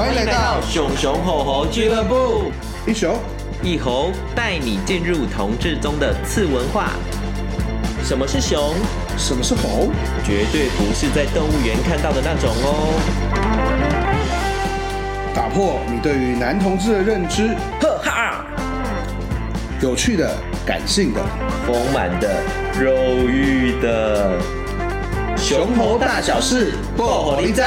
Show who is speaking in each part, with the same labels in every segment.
Speaker 1: 歡迎來到熊熊猴猴俱樂部，一熊一猴帶你進入同志中的次文化。什麼是熊？什麼是猴？絕對不是在動物園看到的那種哦。
Speaker 2: 打破你對於男同志的認知，哈哈。有趣的、感性的、豐滿的、
Speaker 1: 肉欲的，熊猴大小事，報乎你知。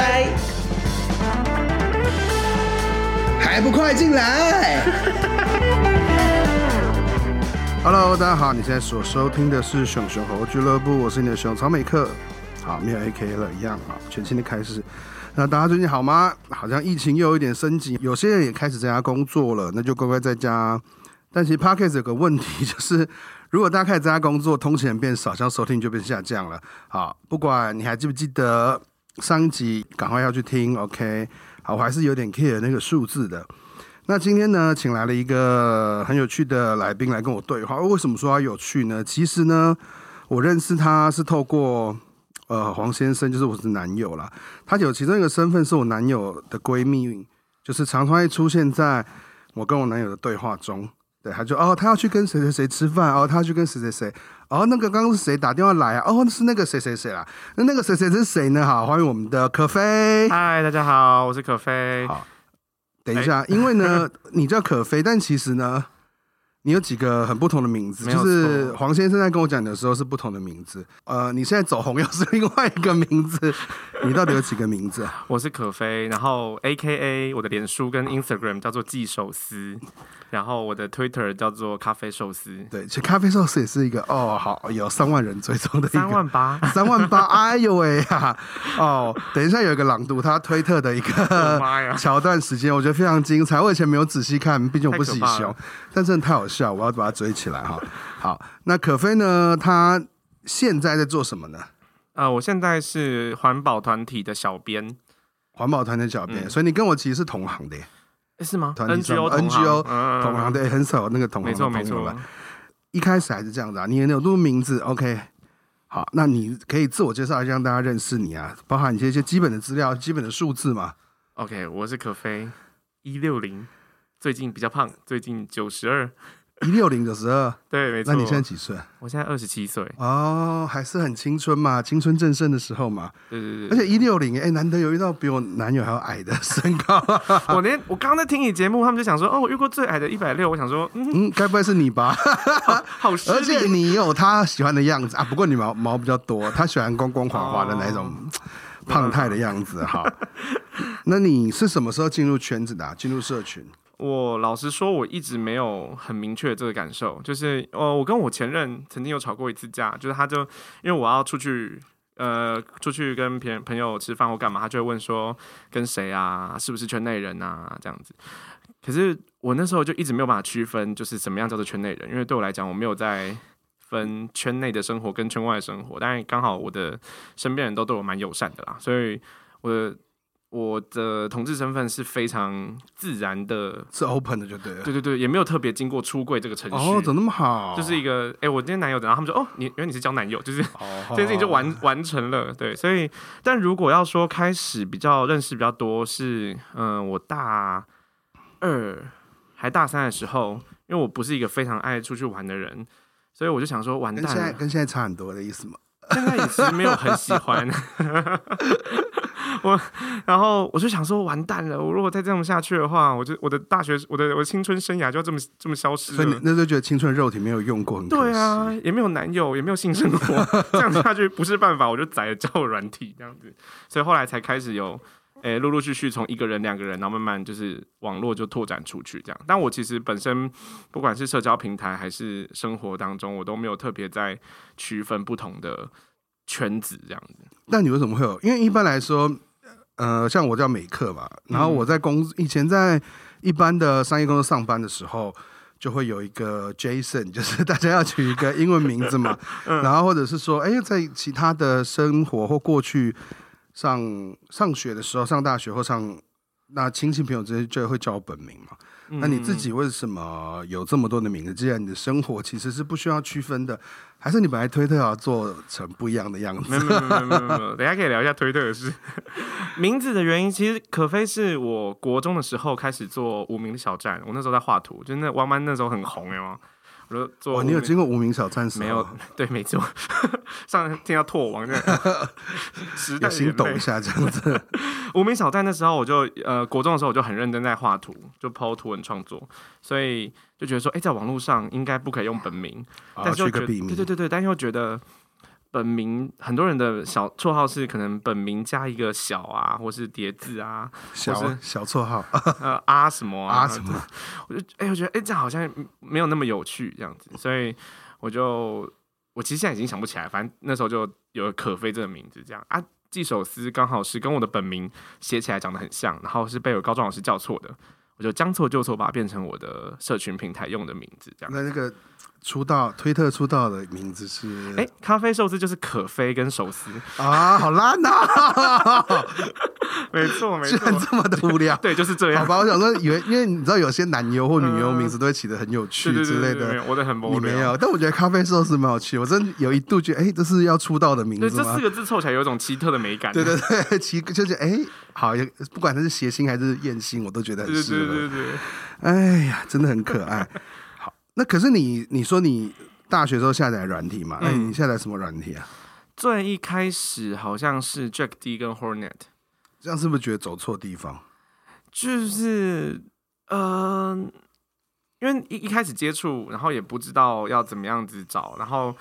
Speaker 2: 還不快進來 ！Hello，大家好，你現在所收聽的是《熊熊猴猴俱樂部》，我是你的熊草美克。好，沒有 AK 了，一樣啊，全新的開始。那大家最近好嗎？好像疫情又有一點升級，有些人也開始在家工作了，那就乖乖在家。但其實 Podcast 有個問題，就是如果大家開始在家工作，通勤變少，像收聽就變下降了。好，不管你還記不記得上一集，趕快要去聽 OK。好，我還是有點 care 那個數字的。那今天呢，請來了一個很有趣的來賓來跟我對話。為什麼說他有趣呢？其實呢，我認識他是透過呃黃先生，就是我的男友啦。他有其中一個身份是我男友的閨蜜，就是常常會出現在我跟我男友的對話中。對，他就哦，他要去跟誰誰誰吃飯，哦，他要去跟誰誰誰。哦，那個剛剛是誰打電話來啊？哦，是那個誰誰誰啦。那那個誰誰是誰呢？好，歡迎我們的可飛。嗨，
Speaker 1: 大家好，我是可飛。好，
Speaker 2: 等一下，欸、因為呢， 你叫可飛，但其實呢，你有幾個很不同的名字。就是黃先生在跟我講的時候是不同的名字。呃，你現在走紅又是另外一個名字。你到底有幾個名字啊？
Speaker 1: 我是可飛。然後 A K A 我的臉書跟 Instagram 叫做季守思。然後我的 Twitter 叫做咖啡壽司，對，
Speaker 2: 其實咖啡壽司也是一個哦，好有三萬人追蹤的一個三萬八，三萬八， 哎呦喂呀！哦，等一下有一個朗讀他推特的一個橋段時間，我覺得非常精彩，我以前沒有仔細看，畢竟我不喜熊，但真的太好笑，我要把它追起來哈。好，那可飛呢？他現在在做什麼呢？
Speaker 1: 呃，我現在是環保團體的小編，
Speaker 2: 環保團的小編，嗯，所以你跟我其實是同行的耶。
Speaker 1: 是嗎？N G O N G O 同行，同行、嗯、對、嗯、很少那個同行，同行沒錯
Speaker 2: 沒錯。一開始還是這樣子啊，你也沒有錄名字？O、okay、K，好，那你可以自我介紹一下，讓大家認識你啊，包含你這些些基本的資料、基本的數字嘛。
Speaker 1: O、okay, K，我是可飛，一六零，最近比較胖，最近九十二。一六零的時候，對，沒錯。那你現在幾歲？我現在二十七歲。
Speaker 2: 哦，還是很青春嘛，青春正盛的時候嘛。
Speaker 1: 對對對。而且一
Speaker 2: 六零，哎，難得有遇到比我男友還要矮的身高。 我連
Speaker 1: 我剛在聽你節目，他們就想說，哦，我遇過最矮的，一百六。我想說，嗯，嗯、該不會是你吧？好,好，而且
Speaker 2: 你有他喜歡的樣子啊。不過你毛毛比較多，他喜歡光光滑滑的那一種、哦、胖太的樣子。好， 那你是什麼時候進入圈子的、啊？進入社群？
Speaker 1: 我老實說，我一直沒有很明確的這個感受，就是，哦，我跟我前任曾經有吵過一次架，就是他就因為我要出去，呃，出去跟別人朋友吃飯或幹嘛，他就會問說跟誰啊，是不是圈內人啊？這樣子。可是我那時候就一直沒有辦法區分，就是怎麼樣叫做圈內人，因為對我來講，我沒有在分圈內的生活跟圈外的生活，但是剛好我的身邊人都對我蠻友善的啦，所以我的。我的同志身份是非常自然的，是 open 的，就對了。對對對，也沒有特別經過出櫃這個程序。哦、oh,，怎麼那麼好？就是一個，哎，我今天男友等，然後他們說，哦，你因為你是交男友，就是哦，oh, 這件事情就完、oh. 完成了。對，所以，但如果要說開始比較認識比較多是，是、呃、嗯，我大二還大三的時候，因為我不是一個非常愛出去玩的人，所以我就想說，完蛋了，跟現在，
Speaker 2: 跟現在差很多的意思嘛。現
Speaker 1: 在也是沒有很喜歡。 我，然後我就想說，完蛋了！我如果再這樣下去的話，我就我的大學，我的我的青春生涯就要這麼這麼消失了。所以那
Speaker 2: 時候覺得青春肉體沒有用過，對啊，
Speaker 1: 也沒有男友，也沒有性生活， 這樣下去不是辦法，我就載了交友軟體這樣子。所以後來才開始有，哎、欸，陸陸續續從一個人、兩個人，然後慢慢就是網絡就拓展出去這樣。但我其實本身不管是社交平台還是生活當中，我都沒有特別在區分不同的圈子這樣子。
Speaker 2: 那、嗯、你為什麼會有？因為一般來說。呃，像我叫美克吧，然後我在公、嗯、以前在一般的商業公司上班的時候，就會有一個 Jason，就是大家要取一個英文名字嘛， 嗯、然後或者是說，哎，在其他的生活或過去上上學的時候、上大學或上那親戚朋友之間就會叫我本名嘛。那你自己為什麼有這麼多的名字？既然你的生活其實是不需要區分的，還是你本來推特要做成不一樣的樣子？嗯嗯、 沒有沒有沒
Speaker 1: 有沒有等下可以聊一下推特的事。名字的原因其實可飛是，我國中的時候開始做無名的小站，我那時候在畫圖，就那彎彎那時候很紅，有沒有。做哦、你有經過無名小站、啊？沒有，對，沒錯。上聽到拓王，的哈， 心動一下這樣子、欸呵呵。無名小站那時候，我就呃，國中的時候，我就很認真在畫圖，就 PO 圖文創作，所以就覺得說，哎、欸，在網絡上應該不可以用本名，但是又覺個對對對對，但又覺得。本名很多人的小綽號是可能本名加一個小啊，或是疊字啊，小小綽號、 呃，啊什麼啊，啊什麼，我就哎、欸，我覺得哎、欸，這樣好像沒有那麼有趣這樣子，所以我就我其實現在已經想不起來，反正那時候就有可飛這個名字這樣啊，季守思剛好是跟我的本名寫起來長得很像，然後是被我高中老師叫錯的。我就將錯就錯，把它變成我的社群平台用的名字，這樣。
Speaker 2: 那那個出道推特出道的名字是？
Speaker 1: 誒，咖啡壽司就是可飛跟壽司
Speaker 2: 啊，好爛吶、啊！ 沒錯，沒錯，居然這麼的無聊。 對，就是這樣。好吧，我想說，因為因為你知道，有些男優或女優名字都會起得很有趣之類的。嗯、對對對對我都很 boring，你沒有？但我覺得咖啡壽司是蠻有趣。我真有一度覺得，哎，這是要出道的名字嗎？對，這四個
Speaker 1: 字湊起來有一種奇特的美感、啊。對對
Speaker 2: 對，奇就是哎，好，不管它是諧星還是豔星，我都覺得很適合。對對,對對對，哎呀，真的很可愛。 好，那可是你，你說你大學時候下載軟體嘛？那你下載什麼軟
Speaker 1: 體啊、嗯？最一開始好像是 Jack D 跟 Hornet。
Speaker 2: 這樣是不是覺得走錯地方？
Speaker 1: 就是，嗯、呃，因為一一開始接觸，然後也不知道要怎麼樣子找，然後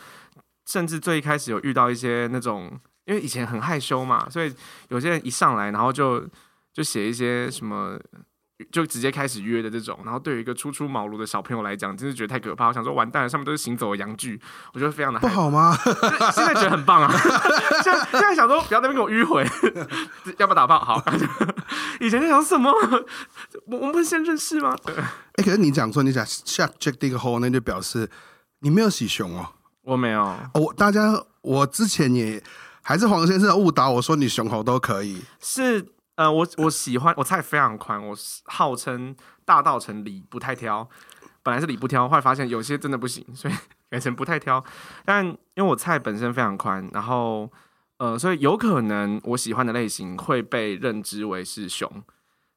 Speaker 1: 甚至最一開始有遇到一些那種，因為以前很害羞嘛，所以有些人一上來，然後就就寫一些什麼。就直接開始約的這種，然後對於一個初出茅廬的小朋友來講，真是覺得太可怕。我想說，完蛋了，上面都是行走的陽具，我覺得非常的不好嗎？ 現在覺得很棒啊！ 現在現在想說，不要再給我迂回， 要不要打炮？好， 以前在想什麼？ 我，我們不是先認識嗎？哎、 欸，可是
Speaker 2: 你講說，你想下 check 這個 hole 那就表示你沒有洗熊哦。我沒有，哦，大家，我之前也還是黃先生誤導我說你熊猴都可以
Speaker 1: 是。呃，我我喜歡我菜非常寬，我號稱大道成理不太挑。本來是理不挑，後來發現有些真的不行，所以改成不太挑。但因為我菜本身非常寬，然後呃，所以有可能我喜歡的類型會被認知為是熊。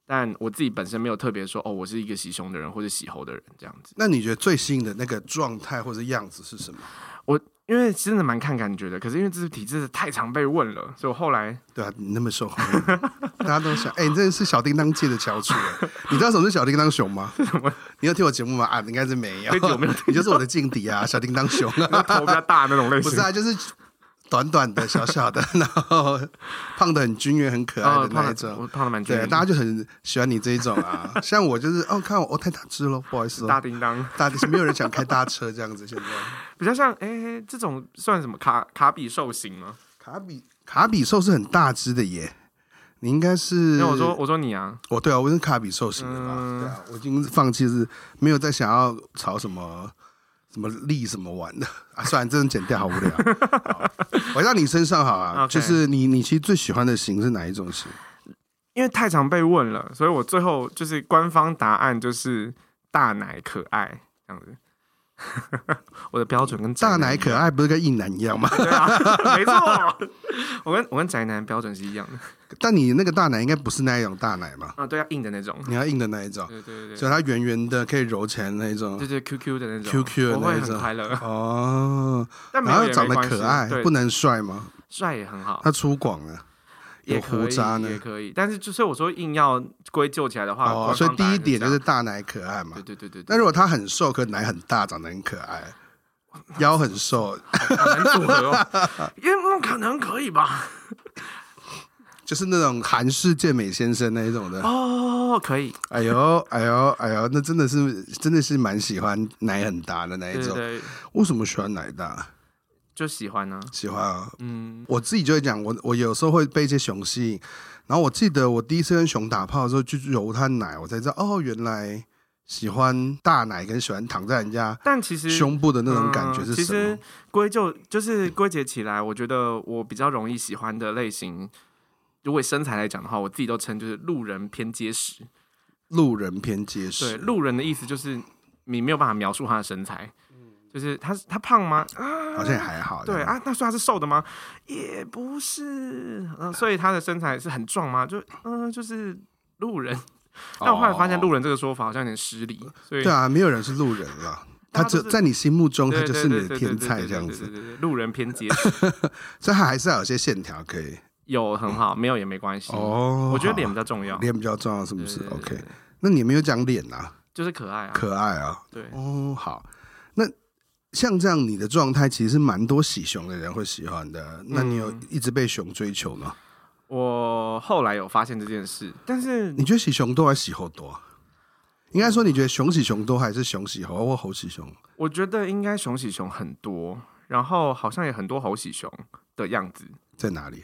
Speaker 1: 但我自己本身沒有特別說哦，我是一個喜熊的人或者喜猴的人這樣子。那你覺得最新的那個狀態或者樣子是什麼？我因為真的蠻看感覺的，可是因為這是體質太常被問了，所以我後來，對啊，你那麼瘦。
Speaker 2: 大家都想，哎、欸，你真的是小叮噹界的翹楚。你知道什麼是小叮噹熊嗎？你有聽我節目嗎？啊，應該是沒有，沒有。你就是我的勁敵啊，小叮噹熊、啊，頭比較大的那種類型。不是啊，就是短短的、小小的，然後胖的很均勻、很可愛的那一種、哦，胖的蠻。對，大家就很喜歡你這一種啊。像我就是，哦，看我、哦、太大只了，
Speaker 1: 不好意思。大叮噹，大是沒有人想開大車這樣子。現在比較像，哎、欸，這種算什麼？卡卡比獸型嗎？卡比
Speaker 2: 卡比獸是很大只的耶。你應該是那我說我
Speaker 1: 說你啊，
Speaker 2: 我、oh, 對啊，我是卡比獸型的吧、嗯。對啊，我已經放棄是沒有再想要炒什麼什麼力什麼玩的啊，算了，這種剪掉 好無聊。回到你身上好啊，okay、就是你你其實最喜歡的型是哪一種型？
Speaker 1: 因為太常被問了，所以我最後就是官方答案就是大奶可愛這樣子。 我的標準
Speaker 2: 跟大奶可愛不是跟硬男一樣嗎？
Speaker 1: 對啊，沒錯，我跟我跟宅男標準是一樣的。
Speaker 2: 但你那個大奶應該不是那一種大奶吧？
Speaker 1: 啊，對啊，硬的那種，你要硬的那一種，對對對，所
Speaker 2: 以它圓圓的可以揉成那一種，就
Speaker 1: 是 QQ 的那種，Q Q 的那種，QQ 的那一種
Speaker 2: 我哦。但沒有沒長得可愛，不能帥嗎？
Speaker 1: 帥也很好，
Speaker 2: 他粗獷啊。
Speaker 1: 有鬍渣呢，也可以，但是就是我說硬要歸咎起來的話，哦，所以第一點就
Speaker 2: 是大奶可愛嘛。對對對對，對，對。那如果他很瘦，可奶很大，長得很可愛，啊，腰很瘦，
Speaker 1: 也有可能可以吧？
Speaker 2: 就是那種韓式健美先生那一種的哦，可以。哎呦哎呦哎呦，那真的是真的是蠻喜歡奶很大的那一種。對。為什麼喜歡奶大？
Speaker 1: 就喜歡呢、啊，喜歡啊，嗯，我
Speaker 2: 自己就會講，我我有時候會被一些熊吸引，然後我記得我第一次跟熊打炮的時候，就揉它奶，我才知道哦，原來喜歡大奶跟喜歡躺在人家，但其實胸部的那種感覺是其實
Speaker 1: 歸就、嗯、就是歸結起來，我覺得我比較容易喜歡的類型，如果身材來講的話，我自己都稱就是路人偏結實，路人偏結實，對，路人的意思就是你沒有辦法描述他的身材。就是他，他胖嗎？啊，好像也還好。對啊，那算是瘦的嗎？也不是。嗯、呃，所以他的身材是很壯嗎？就嗯、呃，就是路人。
Speaker 2: 哦、但我後來發現，路
Speaker 1: 人這個說法好像有點失禮。對啊，
Speaker 2: 沒有人是路人了。他只、就是、在你心目中，他就是你的天菜這樣子。對
Speaker 1: 對對對對對對路人偏見，
Speaker 2: 所以他還是要有些線條可以。
Speaker 1: 有很好、嗯，沒有也沒關係哦。我覺得臉比較重要，臉
Speaker 2: 比較重要是不是對對對對？OK，那你沒有講臉啊？
Speaker 1: 就是可愛啊，
Speaker 2: 可愛啊、喔。對哦，好那。像這樣，你的狀態其實蠻多喜熊的人會喜歡的，嗯。那你有一直被熊追求嗎？
Speaker 1: 我後來有發現這件事，但是
Speaker 2: 你覺得喜熊多還是喜猴多？應該說，你覺得熊喜熊多還是熊喜猴或猴喜熊？
Speaker 1: 我覺得應該熊喜熊很多，然後好像也很多猴喜熊的樣子。在哪裡？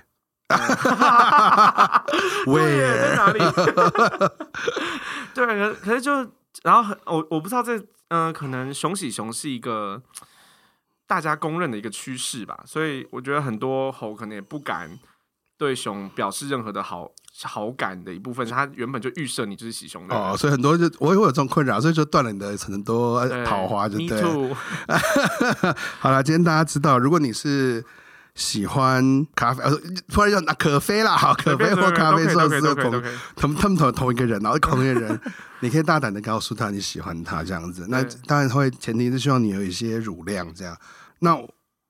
Speaker 1: 哈哈哈哈
Speaker 2: 哈！ Where？
Speaker 1: 對，可可是就。然後很我我不知道這嗯、呃，可能熊喜熊是一個大家公認的一個趨勢吧，所以我覺得很多猴可能也不敢對熊表示任何的好好感的一部分，它原本就預設你就是喜熊的哦，
Speaker 2: 所以很多就我也會有這種困擾，所以說斷了你的很多桃花對就對。 好了，今天大家知道，如果你是。喜歡咖啡，哦、突然要拿可飛啦，可飛或咖啡，咖啡算是同同他們同同一個人然後同一個人，人 你可以大膽的告訴他你喜歡他這樣子。那當然會，前提是希望你有一些乳量這樣。那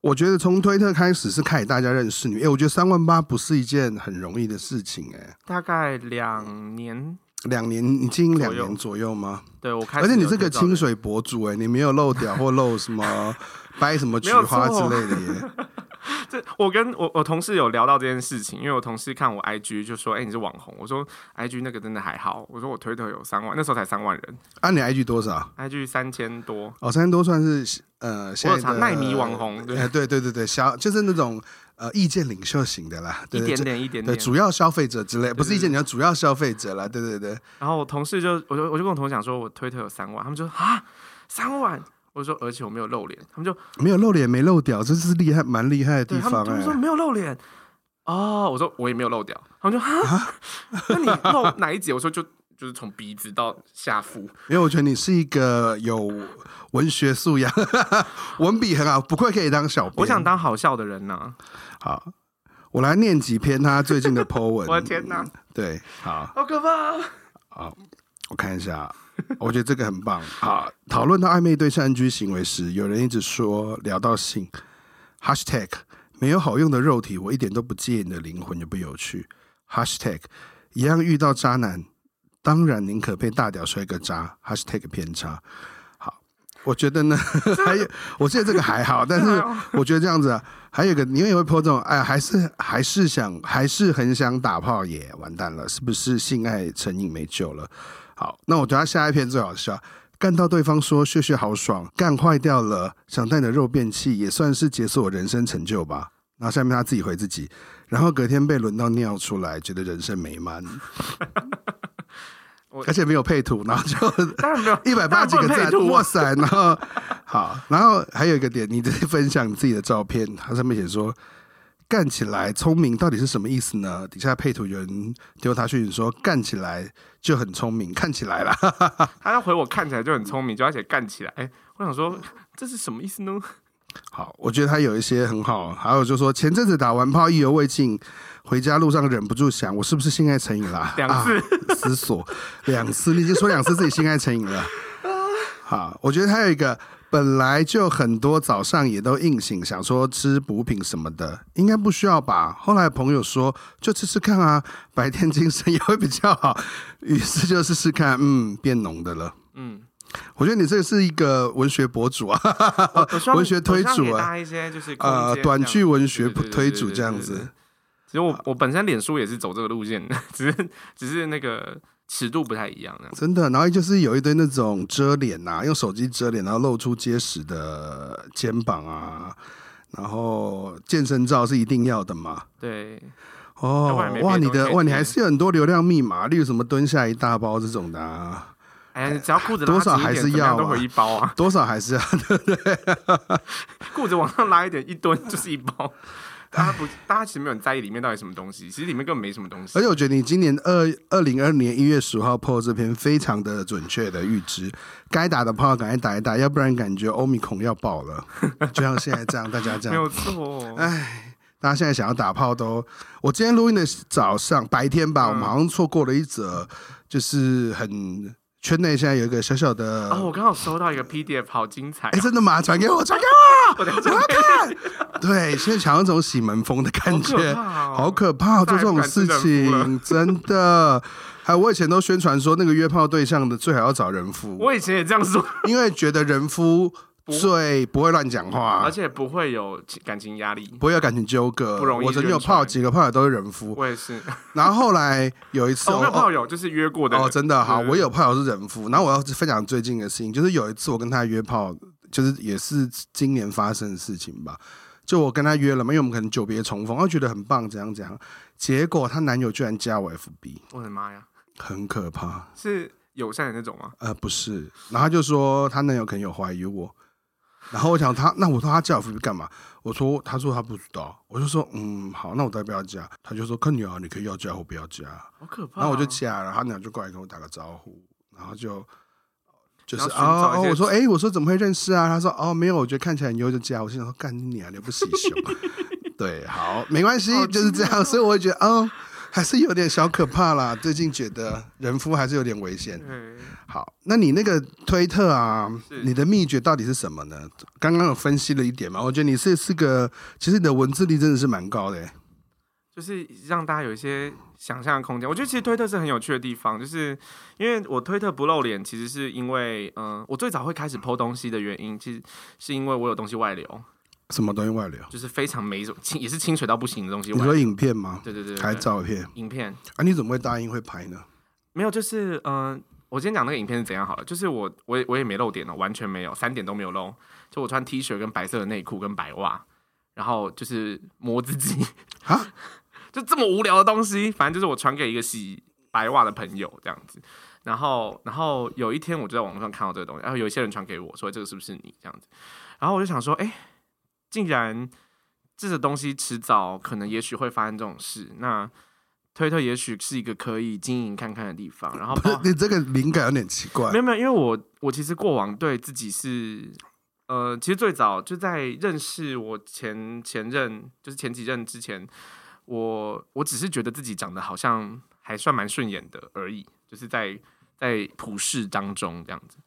Speaker 2: 我覺得從推特開始是開始大家認識你，哎，我覺得三萬八不是一件很容易的事情哎，
Speaker 1: 大概兩年，嗯、兩年，已經兩年左右嗎？右對我開始，而且你是個清
Speaker 2: 水博主哎，你沒有露屌或露什麼掰什麼菊花之類的耶。
Speaker 1: 是我跟我我同事有聊到這件事情，因為我同事看我 IG 就說：“哎、欸，你是網紅。”我說：“IG 那個真的還好。”我說：“我推特有三萬，那時候才三萬人。”
Speaker 2: 啊，你 IG 多少
Speaker 1: ？IG 三千多，
Speaker 2: 哦，三千多算是呃，小奈米網紅，哎，對對對對，小就是那種呃意見領袖型的啦，一點點一點點，點點主要消費者之類對對對，不是意見領袖主要消費者啦。對對對，對。
Speaker 1: 然後我同事就，我就我就跟我同事講說，我推特有三萬，他們就說：“啊，三萬。”我說，而且我沒有露臉，他們就
Speaker 2: 沒有露臉，沒露屌，這是厲害，蠻厲害的地方啊、欸！他們說
Speaker 1: 沒有露臉，哦，我說我也沒有露屌，他們說，那你露哪一節？ 我說就就是從鼻子到下腹，
Speaker 2: 因為我覺得你是一個有文學素養、 文筆很好，不愧可以當小編。我想當好
Speaker 1: 笑的人呢、啊。
Speaker 2: 好，我來念幾篇他最近的 Po 文。 我的
Speaker 1: 天哪！
Speaker 2: 對，好，好可怕。好，我看一下。 我覺得這個很棒。好，討論到曖昧對善居行為時，有人一直說聊到性，hashtag 沒有好用的肉體，我一點都不介意你的靈魂就不有趣。hashtag 一樣遇到渣男，當然寧可被大屌摔個渣。hashtag 偏差。好，我覺得呢，還有，我覺得這個還好， 但是我覺得這樣子啊，還有一個你永遠會 po 這種，哎呀，還是還是想還是很想打炮耶、yeah, 完蛋了，是不是性愛成癮沒救了？好，那我覺得下一篇最好笑，幹到對方說“血血好爽”，幹壞掉了，想帶你的肉便器也算是解鎖人生成就吧。然後下面他自己回自己，然後隔天被輪到尿出來，覺得人生美滿。 而且沒有配圖，然後就沒有一百八十幾個讚，我哇塞！然後好，然後還有一個點，你直接分享你自己的照片，它上面寫說。幹起來聰明到底是什麼意思呢？底下配圖有人丟他訊說幹起來就很聰明，看起來啦。
Speaker 1: 他要回我看起來就很聰明，就而且幹起來、欸。我想說這是什麼意思呢？好，
Speaker 2: 我覺得他有一些很好。還有就是說前陣子打完炮意猶未盡，回家路上忍不住想，我是不是性愛成癮了、啊？ 兩次、 啊、思索兩次，你已經說兩次自己性愛成癮了。 好，我覺得他有一個。本來就很多早上也都硬醒，想說吃補品什麼的，應該不需要吧。後來朋友說，就吃吃看啊，白天精神也會比較好，於是就試試看，嗯，變濃的
Speaker 1: 了。
Speaker 2: 嗯，我覺得你這是一個文學博主啊，文學推主啊、欸，呃，啊短劇文學推主這，這樣子。
Speaker 1: 其實我我本身臉書也是走這個路線，只是只是那個。尺度不太一樣,樣，
Speaker 2: 真的。然後就是有一堆那種遮臉啊，用手機遮臉，然後露出結實的肩膀啊。然後健身照是一定要的嘛？對，哦、oh,，哇，你的哇，你還是有很多流量密碼，例如什麼蹲下一大包這種的
Speaker 1: 啊。哎、欸，只要褲子多少，還是要、啊、都有一包啊？
Speaker 2: 多少還是要、啊，
Speaker 1: 褲 子往上拉一點，一蹲就是一包。大家不，大家其實沒有在意裡面到底什麼東西，其實裡面根本沒什麼東西。而且我
Speaker 2: 覺得你今年二二零二二年、一月十號 PO 這篇非常的準確的預知，該打的炮趕快打一打，要不然感覺歐米孔要爆了， 就像現在這樣，大家這樣。沒有錯。哎，大家現在想要打炮都，我今天錄音的早上白天吧、嗯，我們好像錯過了一則，就是很。圈內現在有一個小小的，哦，
Speaker 1: 我剛好收到一個 PDF，好精彩！啊！哎、欸，真的嗎？傳給我，傳給我， 我，給我要看
Speaker 2: 對，現在想要那種洗門風的感覺，好可怕！哦！做、哦、這種事情，真的。 還有，我以前都宣傳說，那個約炮對象的最好要找人夫。我
Speaker 1: 以前也這樣說，
Speaker 2: 因為覺得人夫。最不，不會亂講話，而
Speaker 1: 且不會有感情壓力，
Speaker 2: 不會有感情糾葛。不容易。我曾經有泡幾個炮友都是人夫，我
Speaker 1: 也是。
Speaker 2: 然後後來有一次， 我、哦哦哦哦、有炮
Speaker 1: 友、哦、就是約過的哦，真的哈，我有
Speaker 2: 炮友是人夫。然後我要分享最近的事情，就是有一次我跟她約炮，就是也是今年發生的事情吧。就我跟她約了嘛，因為我們可能久別重逢，她覺得很棒，怎樣怎樣。結果她男友居然加我 FB，我
Speaker 1: 的媽呀，
Speaker 2: 很可怕。
Speaker 1: 是友善的那種嗎？
Speaker 2: 呃，不是。然後他就說她男友可能有懷疑我。然後我想他。那我說他加我 FB 幹嘛？我說他說他不知道，我就說嗯好，那我代表他加。他就說可你兒，你可以要加或不要加。好可怕，啊。然後我就加了，他倆就過來跟我打個招呼，然後就
Speaker 1: 就是哦，我說
Speaker 2: 哎、欸，我說怎麼會認識啊？他說哦沒有，我覺得看起來很優就加我，我心想說幹你啊，你又不喜熊？ 對，好，沒關係，哦，就是這樣行行，啊。所以我會覺得哦。還是有點小可怕啦，最近覺得人夫還是有點危險。對，好，那你那個推特啊，你的秘訣到底是什麼呢？剛剛有分析了一點嘛，我覺得你是是個，其實你的文字力真的是蠻高的，
Speaker 1: 就是讓大家有一些想象的空間。我覺得其實推特是很有趣的地方，就是因為我推特不露臉，其實是因為，嗯、呃，我最早會開始 po 東西的原因，其實是因為我有東西外流。
Speaker 2: 什麼東西外流？
Speaker 1: 就是非常沒什清，也是清水到不行的東西。你說影片嗎？對，對對對，拍照片。影片啊？你怎麼會答應會拍呢？沒有，就是嗯、呃，我今天講那個影片是怎樣好了，就是我，我也，我也沒露點哦，完全沒有，三點都沒有露。就我穿 T 恤跟白色的內褲跟白襪，然後就是磨自己啊， 就這麼無聊的東西。反正就是我傳給一個洗白襪的朋友這樣子，然後，然後有一天我就在網絡上看到這個東西，然後有一些人傳給我，說這個是不是你這樣子？然後我就想說，哎、欸。竟然這個東西遲早可能、也許會發生這種事。那推特也許是一個可以經營看看的地方。然後，
Speaker 2: 你這個靈感有點奇怪。沒有
Speaker 1: 沒有，因為我我其實過往對自己是呃，其實最早就在認識我前前任，就是前幾任之前，我我只是覺得自己長得好像還算蠻順眼的而已，就是在在普世當中這樣子。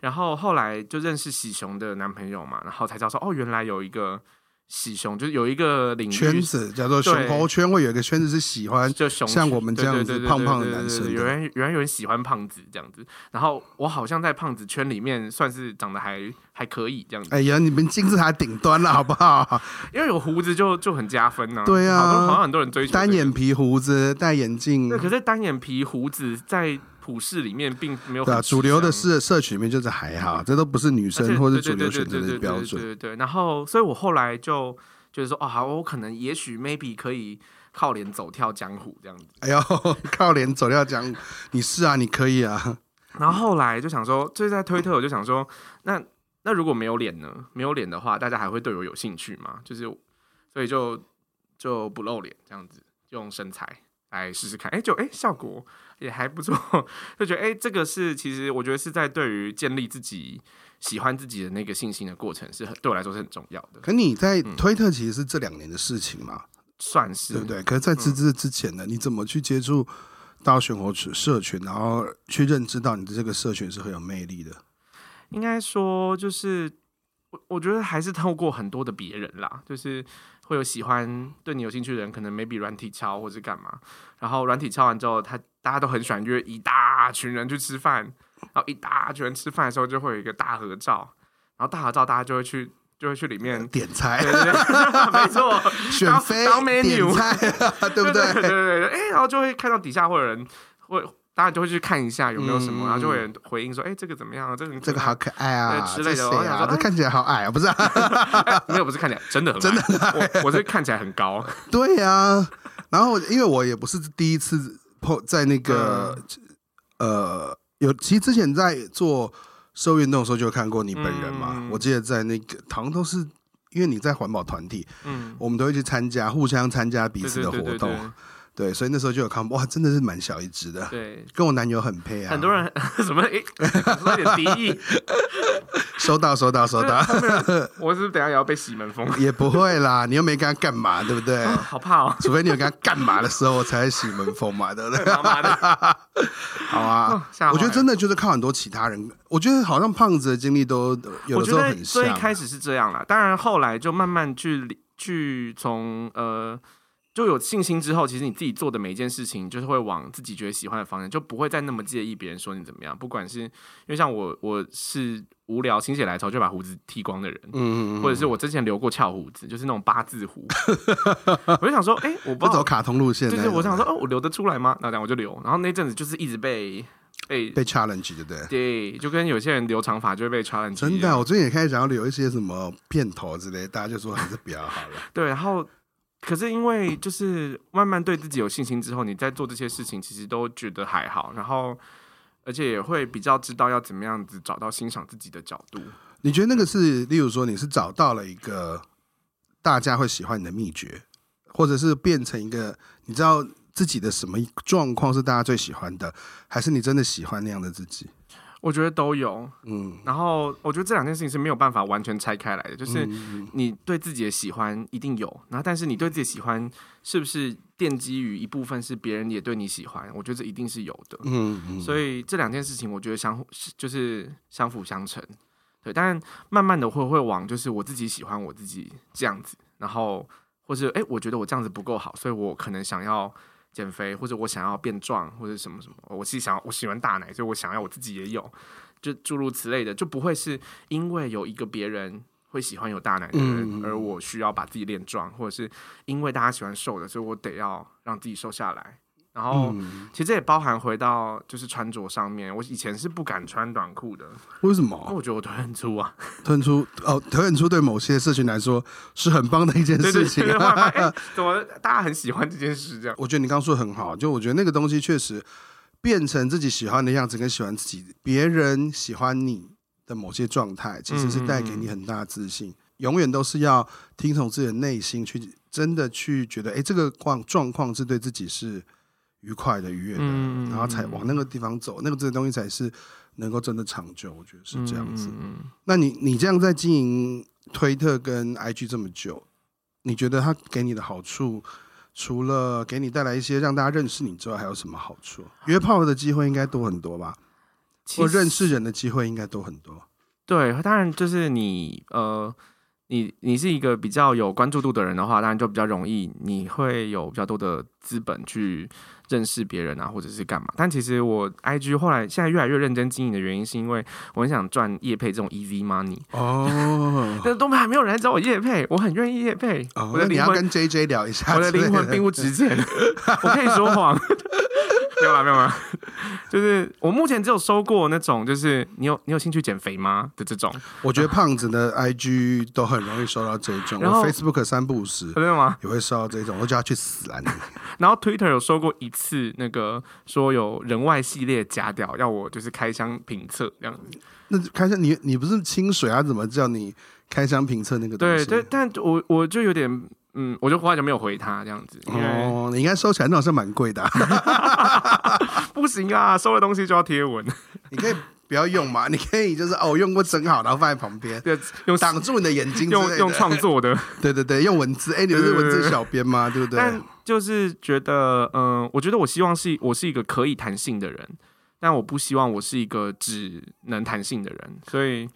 Speaker 1: 然後後來就認識喜熊的男朋友嘛，然後才知道說哦，原來有一個喜熊，就是有一個領圈子叫做熊“熊猴
Speaker 2: 圈”，會有一個圈子是喜歡，就熊像我們這樣子胖胖的男生，有人、
Speaker 1: 原來、有人喜歡胖子這樣子。然後我好像在胖子圈裡面算是長得還還可以這樣子。哎
Speaker 2: 呀，你們金字塔頂端了好不好？
Speaker 1: 因為有鬍子就就很加分呢、啊。對啊，好像很多人追求
Speaker 2: 單眼皮鬍子、對對戴眼鏡。那可
Speaker 1: 是單眼皮鬍子在。股市裡面並沒有對啊，主流的
Speaker 2: 是社群裡面就是還好，這都不是女生或者主流選擇的標準。對對
Speaker 1: 對對對，然後，所以我後來就覺得說哦，哦，我可能也許 maybe 可以靠臉走跳江湖這樣子。
Speaker 2: 哎呦，靠臉走跳江湖， 你是啊，你可以啊。
Speaker 1: 然後後來就想說，就在推特，我就想說，嗯、那那如果沒有臉呢？沒有臉的話，大家還會對我有興趣嗎？就是，所以就就不露臉這樣子，用身材來試試看。哎，就哎效果。也還不錯，就覺得誒、欸，這個是其實我覺得是在對於建立自己喜歡自己的那個信心的過程是很對我來說是很重要的。
Speaker 2: 可你在推特其實是這兩年的事情嘛，嗯、
Speaker 1: 算是對不對？可是在之之
Speaker 2: 之前呢、嗯，你怎麼去接觸到熊猴圈社群，然後去認知到你的這個社群是很有魅力的？
Speaker 1: 應該說就是我我覺得還是透過很多的別人啦，就是會有喜歡對你有興趣的人，可能 maybe 軟體敲或者是幹嘛，然後軟體敲完之後他。大家都很喜歡約、就是、一大群人去吃飯，然後一大群人吃飯的時候就會有一個大合照，然後大合照大家就會去就會去裡面點菜，對對對 menu, 點菜，沒錯，選飛點菜對不對？對對對，對，哎、欸，然後就會看到底下會有人會，大家就會去看一下有沒有什麼，嗯、然後就會有人回應說：“哎、欸，這個怎麼樣？這個這個好可愛啊之類的。啊”欸、看起來好矮啊！不是、啊、 沒有不是看起來真的很矮真的很矮，我這看起來很高。
Speaker 2: 對呀、啊， 然後因為我也不是第一次。在那個、嗯、呃，有其實之前在做社會運動的時候，就有看過你本人嘛、嗯。我記得在那個，唐都是因為你在環保團體，嗯，我們都會去參加，互相參加彼此的活動。嗯對對對對對對，所以那時候就有看，哇，真的是蠻小
Speaker 1: 一隻的。對，
Speaker 2: 跟我男友很配啊。很
Speaker 1: 多人什麼哎，欸、說
Speaker 2: 有點敵意， 收到，收到，收到。是
Speaker 1: 我是不是等下也要被洗門風？ 也
Speaker 2: 不會啦，你又沒跟他幹嘛，對不對、哦？好怕哦。除非你有，有跟他幹嘛的時候，我才會洗門風嘛對不對，
Speaker 1: 好嘛的？ 好啊、嗯，我覺得真
Speaker 2: 的就是靠很多其他人。我覺得好像胖子的經歷都有的時候很像所以、啊、開
Speaker 1: 始是這樣啦，當然後來就慢慢去去從呃。就有信心之後，其實你自己做的每一件事情，就是會往自己覺得喜歡的方向，就不會再那麼介意別人說你怎麼樣。不管是因為像我，我是無聊心血來潮就把鬍子剃光的人，嗯，嗯，或者是我之前留過翹鬍子，就是那種八字鬍， 我就想說，哎、欸，我不
Speaker 2: 走卡通路線，就是我
Speaker 1: 想說對對對，哦，我留得出來嗎？那這樣我就留。然後那陣子就是一直被，誒、欸，
Speaker 2: 被 challenge，對
Speaker 1: 對，就跟有些人留長髮就會被 challenge。真的，我最
Speaker 2: 近也開始想要留一些什麼片頭之類，大家就說還是
Speaker 1: 比較好了。 對，然後。可是因為就是慢慢對自己有信心之後，你在做這些事情，其實都覺得還好。然後而且也會比較知道要怎麼樣子找到欣賞自己的角度。
Speaker 2: 你覺得那個是，例如說你是找到了一個大家會喜歡你的秘訣，或者是變成一個你知道自己的什麼狀況是大家最喜歡的，還是你真的喜歡那樣的自己？
Speaker 1: 我覺得都有，嗯，然後我覺得這兩件事情是沒有辦法完全拆開來的，就是你對自己的喜歡一定有，然後但是你對自己喜歡是不是奠基於一部分是別人也對你喜歡？我覺得這一定是有的，嗯，嗯，所以這兩件事情我覺得相就是相輔相成，對，但慢慢的會會往就是我自己喜歡我自己這樣子，然後或是誒，我覺得我這樣子不夠好，所以我可能想要。減肥，或者我想要變壯，或者什麼什麼，我是想要，我喜歡大奶，所以我想要我自己也有，就諸如此類的，就不會是因為有一個別人會喜歡有大奶的人，嗯嗯嗯，而我需要把自己練壯，或者是因為大家喜歡瘦的，所以我得要讓自己瘦下來。然後，其實也包含回到就是穿着上面，我以前是不敢穿短褲的。為什麼、啊？因為我覺得我腿很粗啊，
Speaker 2: 腿很粗。腿很粗哦，腿很粗對某些社群來說是很棒的一件事情。 對對對對對 哎、
Speaker 1: 怎麼大家很喜歡這件事？這樣？
Speaker 2: 我覺得你剛剛說的很好，就我覺得那個東西確實變成自己喜歡的樣子，跟喜歡自己，別人喜歡你的某些狀態，其實是帶給你很大自信、嗯。永遠都是要聽從自己的內心去，去真的去覺得，哎，這個況狀況是對自己是。愉快的、愉悅的，然後才往那個地方走，那個這些東西才是能夠真的長久。我覺得是這樣子。嗯，那你你這樣在經營推特跟 IG 這麼久，你覺得它給你的好處，除了給你帶來一些讓大家認識你之外，還有什麼好處？約炮的機會應該多很多吧？或認識人的機會應該多很多。
Speaker 1: 對，當然就是你呃，你你是一個比較有關注度的人的話，當然就比較容易，你會有比較多的資本去。認識別人啊，或者是幹嘛？但其實我 I G 後來現在越來越認真經營的原因，是因為我很想賺業配這種 easy money 哦。Oh. 但是東北還沒有人來找我業配，我很願意業配。Oh, 那你要跟 J J 聊一下是不是，我的靈魂並不值錢， 我可以說謊。 沒有了，沒有了。就是我目前只有收過那種，就是你有你有興趣減肥嗎的這種。
Speaker 2: 我覺得胖子的 IG 都很容易收到這種，我 Facebook 三不五時沒有嗎？也會收到這種，我就要去死啦。然
Speaker 1: 後 Twitter 有收過一次，那個說有人外系列假屌，要我就是開箱評測這樣。
Speaker 2: 那開箱你你不是清水啊？怎麼叫你開箱評測那個東西？對
Speaker 1: 對，但我我就有點。嗯，我就後來就沒有回他這樣子。
Speaker 2: 哦，你應該收起來，那種是蠻貴的啊。
Speaker 1: 不行啊，收的東西就要貼文。你可以不要用嘛？你可以就是哦，用過
Speaker 2: 整好，然後放在旁邊，用擋住你的眼睛的，用用創作
Speaker 1: 的。 對對對，用文字。哎、欸，你不是文字小編嗎？對不對，對，對？對對對對就是覺得，嗯、呃，我覺得我希望是我是一個可以談性的人，但我不希望我是一個只能談性的人，所以。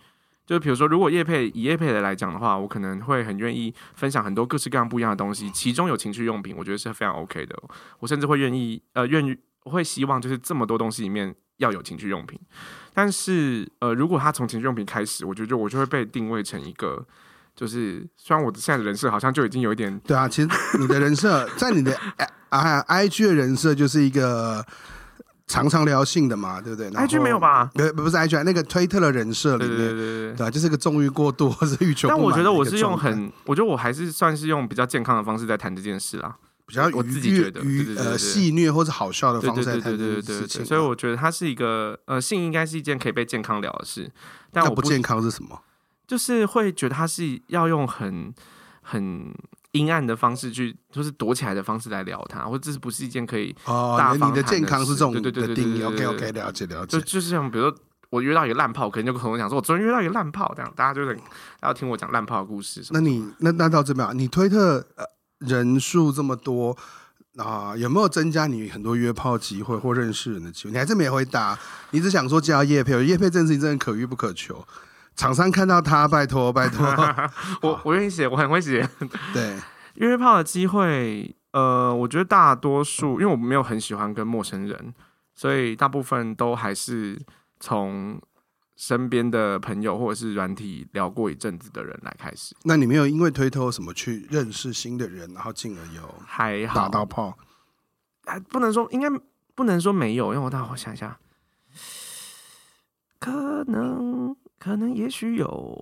Speaker 1: 就比如說，如果業配以業配的來講的話，我可能會很願意分享很多各式各樣不一樣的東西，其中有情趣用品，我覺得是非常 OK 的。我甚至會願意，呃，願意會希望就是這麼多東西裡面要有情趣用品。但是，呃，如果他從情趣用品開始，我覺得我就會被定位成一個，就是雖然我現在的人設好像就已經有一點，
Speaker 2: 對啊。其實你的人設 在你的啊 IG 的、啊啊啊啊啊、人設就是一個。常常聊性的嘛，對不對？IG 沒有吧？不是，不是 IG，那個推特的人設裡面，對對對，對，對就是個縱慾過度或者慾求，但我覺得我是用很，
Speaker 1: 我覺得我還是算是用比較健康的方式在談這件事啦，比較我自己覺得，對對對對，呃，戲
Speaker 2: 謔或者好笑的方式在談這件事。對對對對
Speaker 1: 對對，所以我覺得它是一個，呃，性應該是一件可以被健康聊的事，但我不，但不健康是什麼？就是會覺得它是要用很很。陰暗的方式去，就是躲起來的方式來聊他，或者這是不是一件可以大方談的事哦？你的健康是這種的對對對定義。OK OK，了解了解。就就是像比如說，我約到一個爛炮，可能就跟我講說，我昨天約到一個爛炮，這樣大家就得然後聽我講爛炮的故事。那
Speaker 2: 你那那到這邊、啊，你推特呃人數這麼多啊、呃，有沒有增加你很多約炮機會或認識人的機會？你還是沒回答，你只想說加業配，業配這件事情真的可遇不可求。廠商看到他，拜託拜託
Speaker 1: 我我願意寫，我很會寫。對，約炮的機會，呃，我覺得大多數，因為我沒有很喜歡跟陌生人，所以大部分都還是從身邊的朋友或者是軟體聊過一陣子的人來開始。
Speaker 2: 那你沒有因為推特什麼去認識新
Speaker 1: 的人，然後進而有還打到炮？還好。還不能說，應該不能說沒有，因為我待會我想一下。可能，可能，也許有。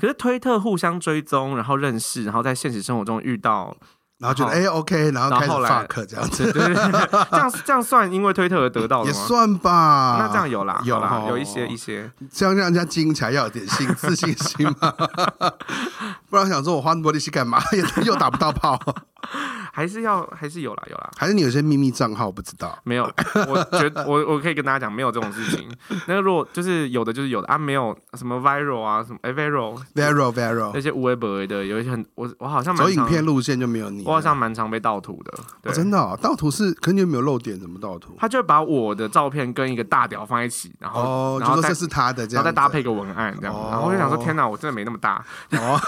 Speaker 1: 可是推特互相追蹤，然後認識，然後在現實生活中遇到。然後覺得哎、欸、，OK，然後
Speaker 2: 開始 fuck 這樣子，對對對對 這
Speaker 1: 樣這樣算因為推特而得到的也算
Speaker 2: 吧，那這樣有啦，有、哦、啦，有一些一些，這樣讓人家精彩，起來要有，要點信自信心嘛， 不然想說我花那麼多力氣幹嘛，
Speaker 1: 又打不到炮， 還是要還是有啦有啦，
Speaker 2: 還是你有些秘密賬號不知道？
Speaker 1: 沒有，我覺我我可以跟大家講，沒有這種事情。 那個如果就是有的，就是有的啊，沒有什麼 viral 啊，什麼、欸、
Speaker 2: viral，viral，viral，那
Speaker 1: 些無微博的，的，的有一些很，我我好像沒以影片路線就沒有你。我好像蠻常被盜圖的，
Speaker 2: 真的，盜圖是。可你有沒有露點？怎麼
Speaker 1: 盜圖？他就會把我的照片跟一個大屌放一起，然後哦，然後這是他的，然後,再,然後再,再搭配一個文案這樣。然後我就想說，天哪，我真的沒那麼大哦,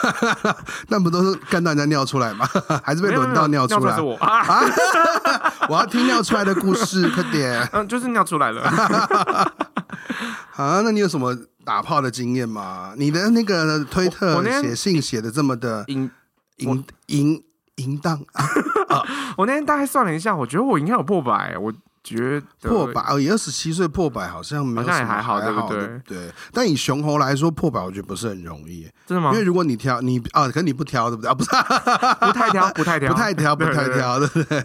Speaker 1: 哦，
Speaker 2: 那 不是都是幹到人家尿出來嗎？還是被輪到尿出來？尿出來是我
Speaker 1: 啊！ 我要聽尿出來的故事，快點。嗯，就是尿出來了。 啊，那你有什麼打
Speaker 2: 炮的經驗嗎？你的那個推特寫信寫的這麼的淫淫淫。應當、啊， 哦、我那天大概算了一下，我覺得我應該有破百、欸。我覺得破百，我二十七歲破百好像沒那也還好，對不對？對。但以熊猴來說，破百我覺得不是很容易、欸，真的嗎？因為如果你挑你啊、哦，可你不挑對不對？啊，不是，
Speaker 1: 不太挑，不太挑，不太挑，不太挑，對不對，對？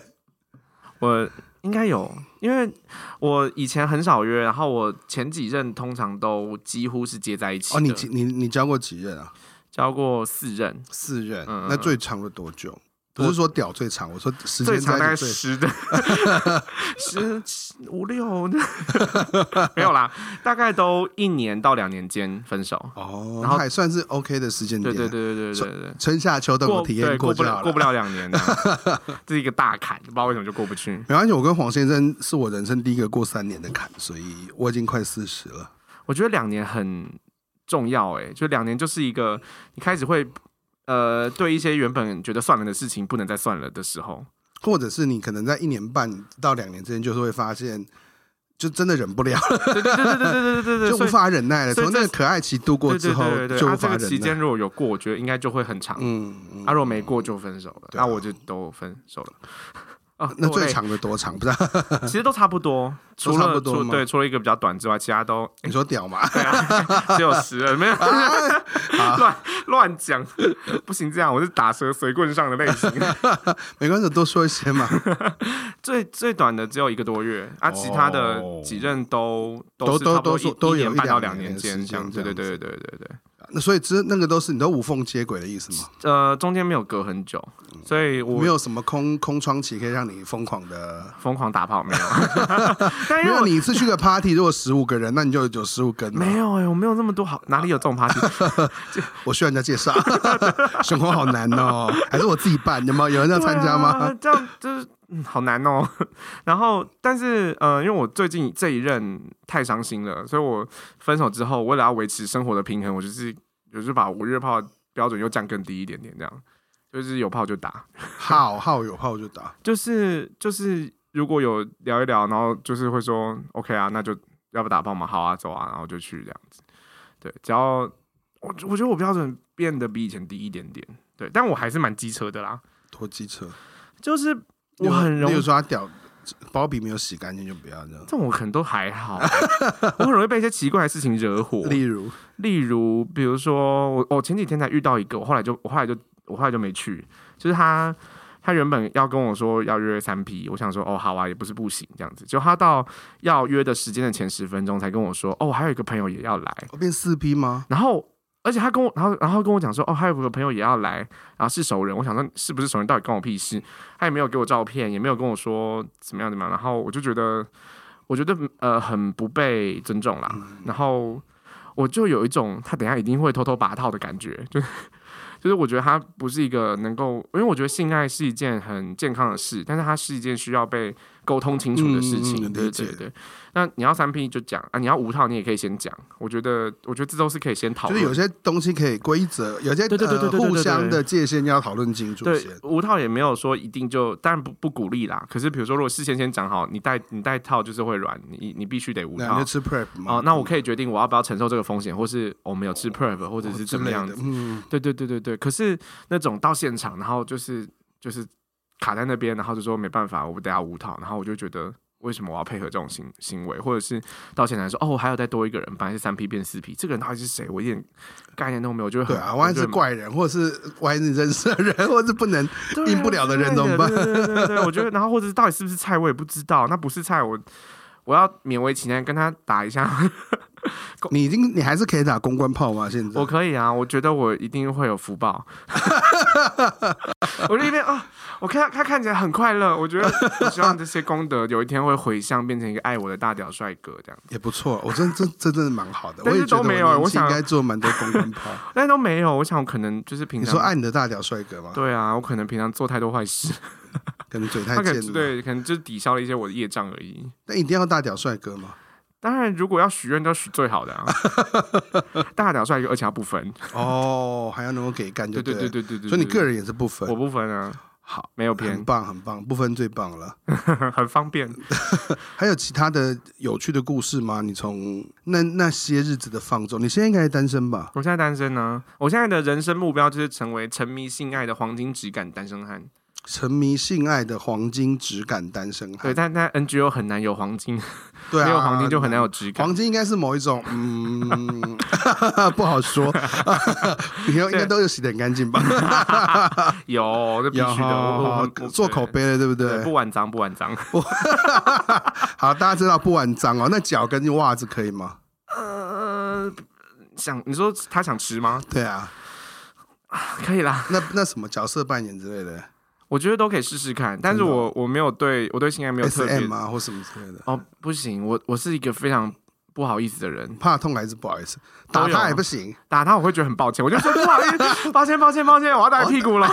Speaker 1: 我應該有，因為我以前很少約，然後我前幾任通常都幾乎是接在一起。哦，你你你交過幾任啊？交過四任，四任、嗯，那最長的多久？不是說
Speaker 2: 屌最長，我說時間最長大概十的，
Speaker 1: 十五六的，五、六的 沒有啦，大概都一年到兩年間分手哦，然後還算是 OK 的時間點，對對對對對，對，春
Speaker 2: 春夏秋冬都體驗過，過不了，過不了兩年
Speaker 1: 了， 這是一個大坎，不知道為什麼就過不去。
Speaker 2: 沒關係，我跟黃先生是我人生第一個過三年的坎，所以我已經快四十了。我覺得兩年很
Speaker 1: 重要、欸，哎，就兩年就是一個，你開始會。呃，對一些原本覺得算了的事情，不能再算了的時候，
Speaker 2: 或者是你可能在一年半到兩年之間，就是會發現，就真的忍不了，了，對對對對對對對，就無法忍耐了。從那個可愛期度過之後就無法忍耐，就這、啊、這個期間
Speaker 1: 如果有過，我覺得應該就會很長。嗯，阿、啊、若沒過就分手了，嗯嗯，那我就都分手了。 哦，那最長的多長？不知道，其實都差不多，除了、差不多、除、對，除了一個比較短之外，其他都、欸、你說屌嗎？啊、只有十沒有，亂亂講，不行這樣，我是打蛇隨棍上的類型，
Speaker 2: 沒關係，多說一些嘛。
Speaker 1: 最最短的只有一個多月，啊，其他的幾任都、哦、都是差不多一、都有一都都一年半到兩年間這樣子，這樣子，對對對對對對。
Speaker 2: 那所以，這那個都是你都無縫接軌的意思嗎？
Speaker 1: 呃，中間沒有隔很久，所以我，我沒有什
Speaker 2: 麼空空窗期可以讓你瘋狂的瘋狂打炮沒有？如 果 你一次去個 party 如果十五個人，那你就有十五根。 沒有哎、欸，我沒有那麼多好，哪裡有這種 party？ 我需要人家介紹，熊 活好難哦、喔，還是我自己辦？有嗎，有人要參加嗎、 啊？這樣
Speaker 1: 就是。嗯，好難哦、喔。 然後，但是，呃，因為我最近這一任太傷心了，所以我分手之後，為了要維持生活的平衡，我就是，有時候，就是，把我約炮的標準又降更低一點點，這樣，就是有炮就打，
Speaker 2: 好好有炮就打，
Speaker 1: 就是就是如果有聊一聊，然後就是會說 OK 啊，那就要不打炮嘛，好啊，走啊，然後就去這樣子。對，只要我我覺得我標準變得比以前低一點點，對，但我還是蠻機車的啦，拖機車，就是。.
Speaker 2: 我很容易說他
Speaker 1: 屌，包皮沒有洗
Speaker 2: 乾淨就不要這樣。這
Speaker 1: 種我可能都還好、欸， 我很容易被一些奇怪的事情惹火。 例如，例如，比如說我、哦，我前幾天才遇到一個，我後來就我後來就我後來就，我後來就沒去。就是他，他原本要跟我說要約三 P，我想說哦好啊，也不是不行這樣子。就他到要約的時間的前十分鐘才跟我說，哦，還有一個朋友也要來，我變四 P 嗎？然後。而且他跟我，然後然後跟我講說，哦，他有個朋友也要來，然後是熟人。我想說，是不是熟人，到底關我屁事？他也沒有給我照片，也沒有跟我說怎麼樣怎麼樣。然後我就覺得，我覺得呃，很不被尊重啦。然後我就有一種，他等一下一定會偷偷拔套的感覺。就就是我覺得他不是一個能夠，因為我覺得性愛是一件很健康的事，但是它是一件需要被。溝通清楚的事情，嗯、對對對。那你要三 P 就講啊，你要無套你也可以先講。我覺得，我覺得這都是可以先討論的。就是有
Speaker 2: 些東西可以規則，有些對對對對,對,對,對,對,對,對,對,對互相的界限要討論清楚。對，
Speaker 1: 無套也沒有說一定就，當然不不鼓勵啦。可是比如說，如果事先先講好，你帶你帶套就是會軟，你你必須得無套。你就吃 prep 嘛？哦、嗯，那我可以決定我要不要承受這個風險，或是我、哦、沒有吃 prep，或者是怎麼樣子？哦的嗯、對,對對對對對。可是那種到現場，然後就是就是。卡在那邊，然後就說沒辦法，我們等下無套。然後我就覺得，為什麼我要配合這種行行為？或者是到現場來說，哦，還有再多一個人，本來是三 P 變四 P，這個人到底是誰？我一點概念都沒有。我覺得啊，萬一是怪人，或者是萬一不認識、啊、的人，或者不能贏不了的人，怎麼辦？對,對,對,對,對我覺得然後或者是到底是不是菜，我也不知道。那不是菜，我。我要勉為其難跟他打一下，你已經你還是可以打公關炮嗎？現在我可以啊，我覺得我一定會有福報， 我這因邊啊、哦，我看他看起來很快樂，我覺得我希望這些功德有一天會回向，變成一個愛我的大屌帥哥這樣
Speaker 2: 也不錯，啊。我真真真的是蠻好的， 我也覺得我都沒有，我想應該做
Speaker 1: 蠻多公關炮，但都沒有。我想我可能就是平常你說愛你的大屌帥哥嗎？對啊，我可能平常做太多壞事。可能嘴太賤了，對，可能就是抵消了一些我的業障而已。但一定要大
Speaker 2: 屌帥哥嗎？
Speaker 1: 當然，如果要許願，就要許最好的啊！ 大屌帥哥，而且要不分哦， oh, 還要能夠給幹就對對對對，對對對對對，所以你個人也是不分，我
Speaker 2: 不分啊。好，沒有偏，很棒很棒，不分最棒了，
Speaker 1: 很方便。
Speaker 2: 還有其他的有趣的故事嗎？你從那那些日子的放縱，你現在應該是單身吧？
Speaker 1: 我現在單身啊，我現在的人生目標就是成為沉迷性愛的黃金質感單身漢。
Speaker 2: 沉迷性愛的黃金質感單身漢。對，但但 NGO 很難有黃金對、啊，沒有黃金就很難有質感。黃金應該是某一種，嗯， 不好說。你 要 應該都有洗點乾淨吧？
Speaker 1: 有，那必須的、哦、做口
Speaker 2: 碑的，對不對？不
Speaker 1: 玩髒，不玩髒。
Speaker 2: 玩 好，大家知道不玩髒哦。那腳跟襪子可以嗎？嗯、
Speaker 1: 呃，想你說他想吃嗎？對啊，
Speaker 2: 可以啦。那那什麼角色扮演
Speaker 1: 之類的？我覺得都可以試試看，但是我，嗯、我沒有對我對性愛沒有特別的 SM 嗎，或什麼之類的哦，不行，我我是一個非常不好意思的人，怕痛還是不好意思打他也不行，打他我會覺得很抱歉，我就說不好意思， 抱歉抱歉抱歉，我要打你屁股了。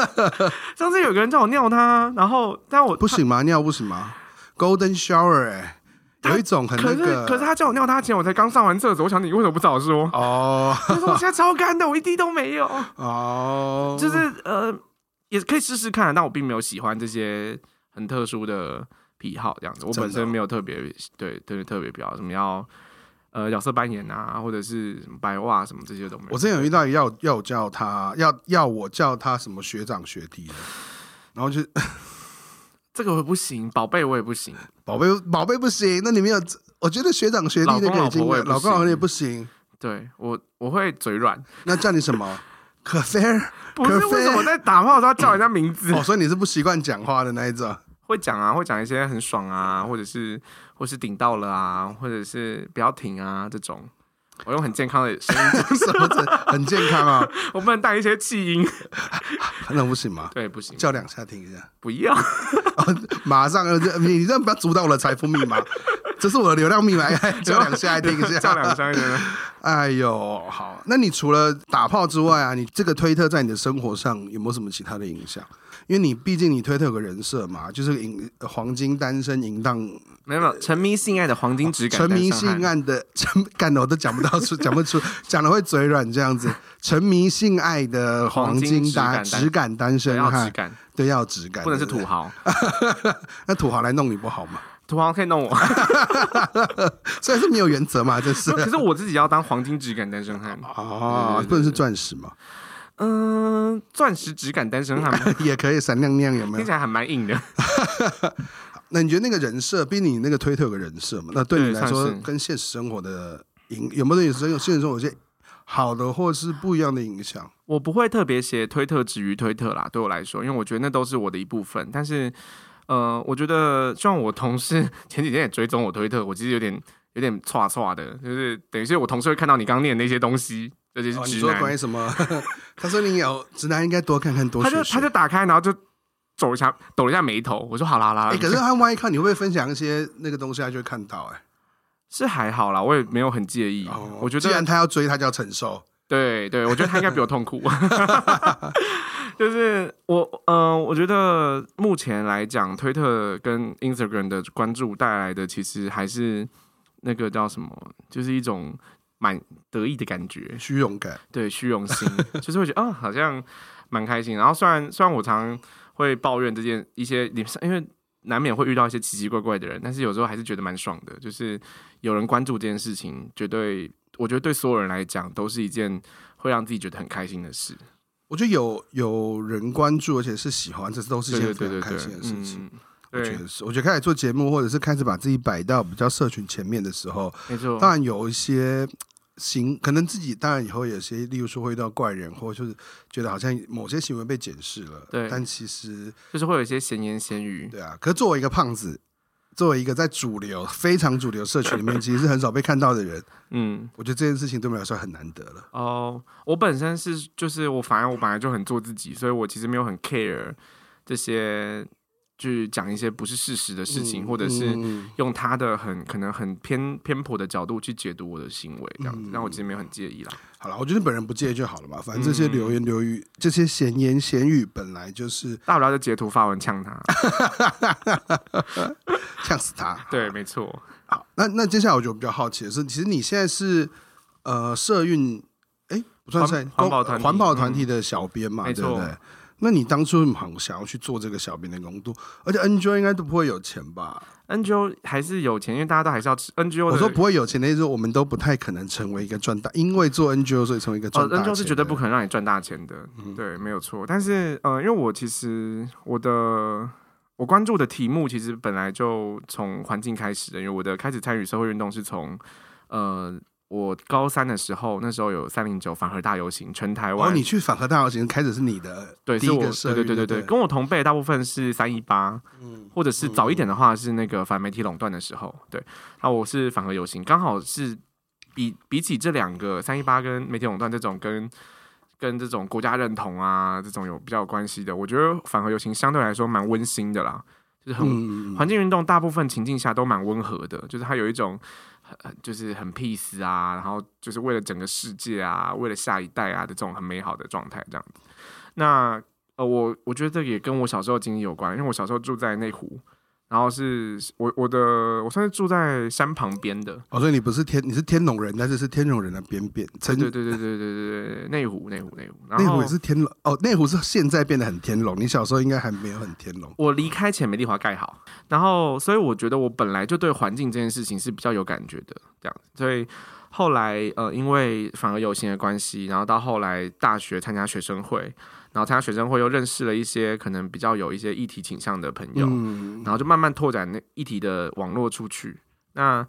Speaker 1: 上次有個人叫我尿他，然後但我不行嗎？尿不行嗎？Golden Shower、欸、有一種很、那個，可是可是他叫我尿他前我才剛上完廁所，我想你為什麼不早說哦？他，oh. 說我現在超乾的，我一滴都沒有哦，oh. 就是呃。也可以試試看，啊，但我並沒有喜歡這些很特殊的癖好這樣子。我本身沒有特別對特別特別比較什麼要呃角色扮演啊，或者是白襪、啊、什麼這些都沒有。我
Speaker 2: 之前有遇到要要我叫他，要要我叫他什麼學長
Speaker 1: 學弟的，然後就 這個我不行，寶貝我也不行，
Speaker 2: 寶貝寶貝不行。那你們有我覺得學長學弟就可老公好好老公好像也不行。
Speaker 1: 對我我會嘴軟，那叫你什麼？
Speaker 2: 可飛，不是，為什麼在打炮都要叫人家名字？ 哦，所以你是不習慣講話的那一種？
Speaker 1: 會講啊，會講一些很爽啊，或者是，或是頂到了啊，或者是不要停啊這種。我用很健康的聲音字，什麼子很健康啊， 我不能帶一些氣音。
Speaker 2: 那不行嗎？對，不行，叫兩下，停一下，不
Speaker 1: 一樣、
Speaker 2: 哦。馬上， 你你這樣不要阻擋我的財富密碼， 這是我的流量密碼。 叫兩下，停一下，叫兩下，停一下。哎呦，好，那你除了打炮之外啊，你這個推特在你的生活上有沒有什麼其他的影響？因為你畢竟你推特有個人設嘛，就是銀黃金單身淫蕩，
Speaker 1: 沒有，沒有沉迷性愛的黃金質感、呃，沉迷性
Speaker 2: 愛的幹我都講不到出，講不出， 講了會嘴軟這樣子，沉迷性愛的黃金單，黃金質，感單質感單身漢質感，對，要質感，不能是土豪， 那土豪來弄你不好嗎？土豪
Speaker 1: 可以弄我，雖 然是沒有原則嘛，就是，其實我自己要當黃金質感單身漢啊、哦，嗯，不能是
Speaker 2: 鑽石嘛。
Speaker 1: 嗯、呃，鑽石質感單身
Speaker 2: 漢 也可以閃亮亮，有沒有？聽起來還蠻硬的。 那你覺得那個人設，比你那個推特的人設嘛？那對你來說，跟現實生活的影有沒有？人有現實中有些好的，或是不一樣的影響。
Speaker 1: 我不會特別寫推特止於推特啦，對我來說，因為我覺得那都是我的一部分。但是，呃，我覺得像我同事前幾天也追蹤我推特，我其實有點有點剉剉的，就是等於是，我同事會看到你剛念那些東西，而、就、且是直男、哦。你說關於什麼？
Speaker 2: 他說：“你有直男，應該多看看。多學學”，多他就他就
Speaker 1: 打開，然後就走一下，抖一下眉頭。我說：“好啦好啦。欸看”可是他
Speaker 2: 萬一看你會不會分享一些那個東西，他就會看到、欸？哎，
Speaker 1: 是還好啦，我也沒有很介意。嗯、我覺得，既然他要追，他就要承受、嗯。對對，我覺得他應該比我痛苦。 就是我，呃，我覺得目前來講，推特跟 Instagram 的關注帶來的，其實還是那個叫什麼，就是一種。蠻得意的感覺，虛榮感，對，虛榮心， 就是會覺得啊、哦，好像蠻開心。然後雖然雖然我常會抱怨這件一些你，因為難免會遇到一些奇奇怪怪的人，但是有時候還是覺得蠻爽的。就是有人關注這件事情，絕對我覺得對所有人來講都是一件會讓自己覺得很開心的事。
Speaker 2: 我覺得有有人關注，而且是喜歡，這是都是一件很開心的事情。對
Speaker 1: 對對對對，嗯、我覺得是，我覺得
Speaker 2: 開始做節目，或者是開始把自己擺到比較社群前面的時候，沒錯，當然有一些。行，可能自己當然以後有些，例如說會遇到怪人，或者就是覺得好像某些行為被檢視了，對。但
Speaker 1: 其實就是會有一些閒言閒語，對啊。
Speaker 2: 可作為一個胖子，作為一個在主流非常主流社群裡面， 其實是很少被看到的人， 嗯，我覺得這件事情對我們來說很難得
Speaker 1: 了。哦，oh，我本身是就是我反而我本來就很做自己，所以我其實沒有很 care 這些。去講一些不是事實的事情，嗯嗯、或者是用他的很可能很偏偏頗的角度去解讀我的行為，這樣子，然、嗯、我其實沒有很介意啦。
Speaker 2: 好了，我覺得本人不介意就好了吧？反正這些流言流語、嗯、這些閒言閒語本來
Speaker 1: 就是，大不了就截圖發文嗆他，嗆 死他。 對，沒錯。
Speaker 2: 好，那那接下來我覺得比較好奇的是，其實你現在是呃，社運，哎、欸，不算社，環保環、呃、保團體的小編嘛、嗯，對不對？那你當初很想要去做這個小編的工度，而且 NGO 應該都不會有錢吧
Speaker 1: ？NGO 還是有錢，因為大家都還是要吃 NGO。我說不
Speaker 2: 會有錢的意思，我們都不太可能成為一個賺大，因為
Speaker 1: 做 NGO 所以成為一個賺大錢的、哦 NGO、是絕對不可能讓你賺大錢的、嗯，對，沒有錯。但是呃，因為我其實我的我關注的題目其實本來就從環境開始的，因為我的開始參與社會運動是從呃。我高三的時候，那時候有三零九反核大遊行，全台灣、哦。你
Speaker 2: 去反核大遊行開始是你的第一個社運對？是我對對對對，對，
Speaker 1: 對。跟我同輩大部分是三一八，或者是早一點的話是那個反媒體壟斷的時候，對。然後我是反核遊行，剛好是比比起這兩個三一八跟媒體壟斷這種跟跟這種國家認同啊這種有比較有關係的，我覺得反核遊行相對來說蠻溫馨的啦，就是很、嗯、環境運動大部分情境下都蠻溫和的，就是它有一種。就是很 peace 啊，然後就是為了整個世界啊，為了下一代啊的這種很美好的狀態這樣子。那呃，我我覺得這個也跟我小時候經歷有關，因為我小時候住在內湖。然後是我我的我算是住在山旁邊的，
Speaker 2: 哦，所以你不是天你是天龍人，但是是天龍人的邊邊，對對
Speaker 1: 對對對對對，內湖內湖內湖，然後內湖也是
Speaker 2: 天龍哦，內湖是現在變得很天龍，你小時候應該還沒有很天龍。
Speaker 1: 我離開前美麗華蓋好，然後所以我覺得我本來就對環境這件事情是比較有感覺的，這樣子，所以後來呃因為反而有新的關係，然後到後來大學參加學生會。然後參加學生會，又認識了一些可能比較有一些議題傾向的朋友，嗯、然後就慢慢拓展那議題的網絡出去。那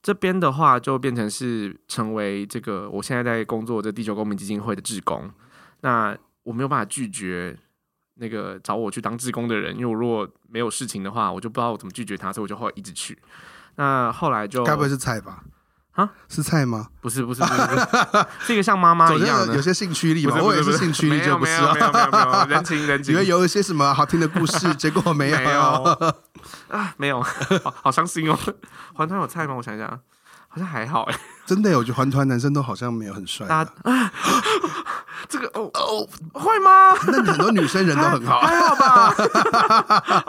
Speaker 1: 這邊的話，就變成是成為這個我現在在工作的地球公民基金會的志工。那我沒有辦法拒絕那個找我去當志工的人，因為我如果沒有事情的話，我就不知道我怎麼拒絕他，所以我就會一直去。那後來就該不會是菜吧？是菜嗎？不是不是不是，是， 是一個像媽媽一樣的，有，有些興趣力吧？我不會是興趣力？沒有沒有沒有沒有，人情人情，以為有
Speaker 2: 一些什麼好聽的故事， 結果沒有，沒有 啊，
Speaker 1: 沒有， 好傷心哦、喔。環 團有菜嗎？我想一下，好像還好哎、欸
Speaker 2: 真的、欸，我覺得環團男生都好像沒有很帥。啊啊啊啊
Speaker 1: 這個哦哦會嗎？那你很多
Speaker 2: 女生人都很好 還，還好吧？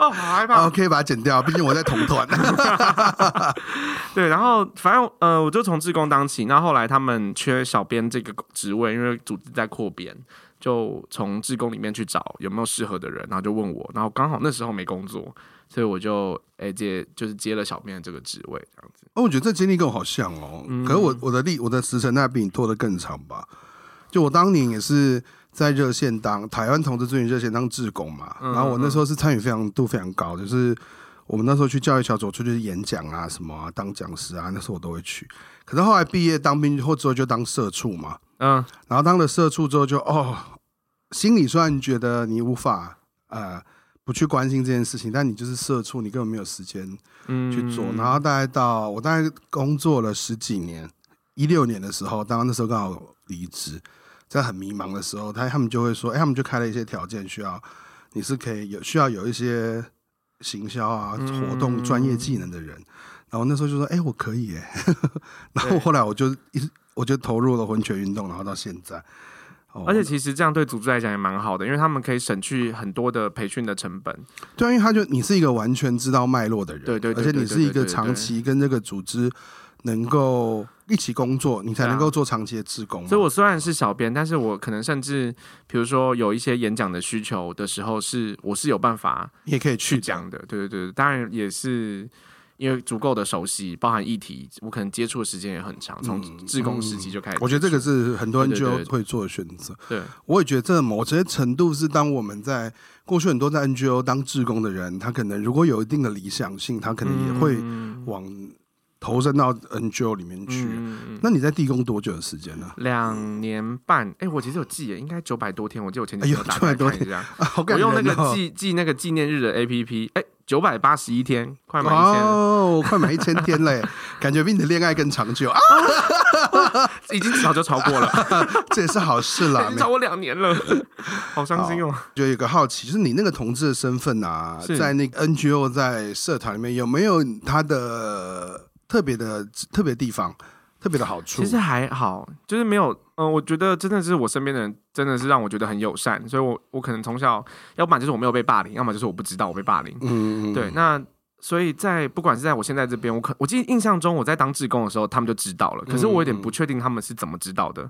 Speaker 2: 哦，好害怕。OK，把它剪掉，畢竟我在同團。
Speaker 1: 對，然後反正呃，我就從志工當起。那後，後來他們缺小編這個職位，因為組織在擴編，就從志工裡面去找有沒有適合的人，然後就問我。然後剛好那時候沒工作，所以我就哎、欸、接就是接了小編這個職位，這樣
Speaker 2: 子。哦，我覺得這經歷跟我好像哦，可是我我的歷我的時程那比你拖得更長吧。就我當年也是在熱線當台灣同志支援熱線當志工嘛，嗯嗯嗯，然後我那時候是參與非常度非常高，就是我們那時候去教育小組出去演講啊什麼啊當講師啊那時候我都會去，可是後來畢業當兵或之後就當社畜嘛，嗯，然後當了社畜之後就哦，心裡雖然覺得你無法呃不去關心這件事情，但你就是社畜，你根本沒有時間
Speaker 1: 去做。嗯。然
Speaker 2: 後大概到我大概工作了十幾年，一六年的時候，當然那時候剛好離職。在很迷茫的時候，他他們就會說：“哎，他們就開了一些條件，需要你是可以有需要有一些行銷啊、活動專業技能的人。嗯嗯嗯”然後那時候就說：“哎，我可以耶。 ”然後後來我就一我就投入了婚權
Speaker 1: 運動，然後到現在。Oh, 而且其實這樣對組織來講也蠻好的，因為他們可以省去很多的培訓的成本。
Speaker 2: 對，因為他就你是一個完全知道脈絡的人，對對，而且你是一個長期跟這個組織。能夠一起工作，你才能夠做長期的志工、嗯。所
Speaker 1: 以，我雖然是小編，但是我可能甚至，比如說有一些演講的需求的時候是，是我是有辦法你也可以去講的。對對，對當然也是因為足夠的熟悉，包含議題，我可能接觸的時間也很長，從志工時期就開始、嗯嗯。我覺得這個是很多人 NGO
Speaker 2: 會做的選擇。對，對，對，對，我也覺得這某些程度是當我們在過去很多在 NGO 當志工的人，他可能如果有一定的理想性，他可能也會往。嗯投身到 NGO 裡面去，嗯，那你在地工多久的時間呢，啊？
Speaker 1: 兩年半，哎，欸，我其實有記，應該九百多天，我記得我前天哎呦，九百多天啊，我用那個記，啊哦，記那個紀念日的 APP，哎，九百八十一天，快滿一千，
Speaker 2: 哦，快滿一千天嘞。 感覺比你的戀愛更長久啊，啊
Speaker 1: 已經早就超過了，啊，這也是好事了，找 我兩年了，好傷心哦。就，哦， 有一個好奇，就
Speaker 2: 是你那個同志的身份啊，在那個 NGO 在社團裡面有沒有他的？特別的特別地方，
Speaker 1: 特別的好處。其實還好，就是沒有。嗯、呃，我覺得真的是我身邊的人，真的是讓我覺得很友善。所以我，我我可能從小，要不然就是我沒有被霸凌，要麼就是我不知道我被霸凌。嗯對，那所以在不管是在我現在這邊，我可我記得印象中我在當志工的時候，他們就知道了。可是我有點不確定他們是怎麼知道的，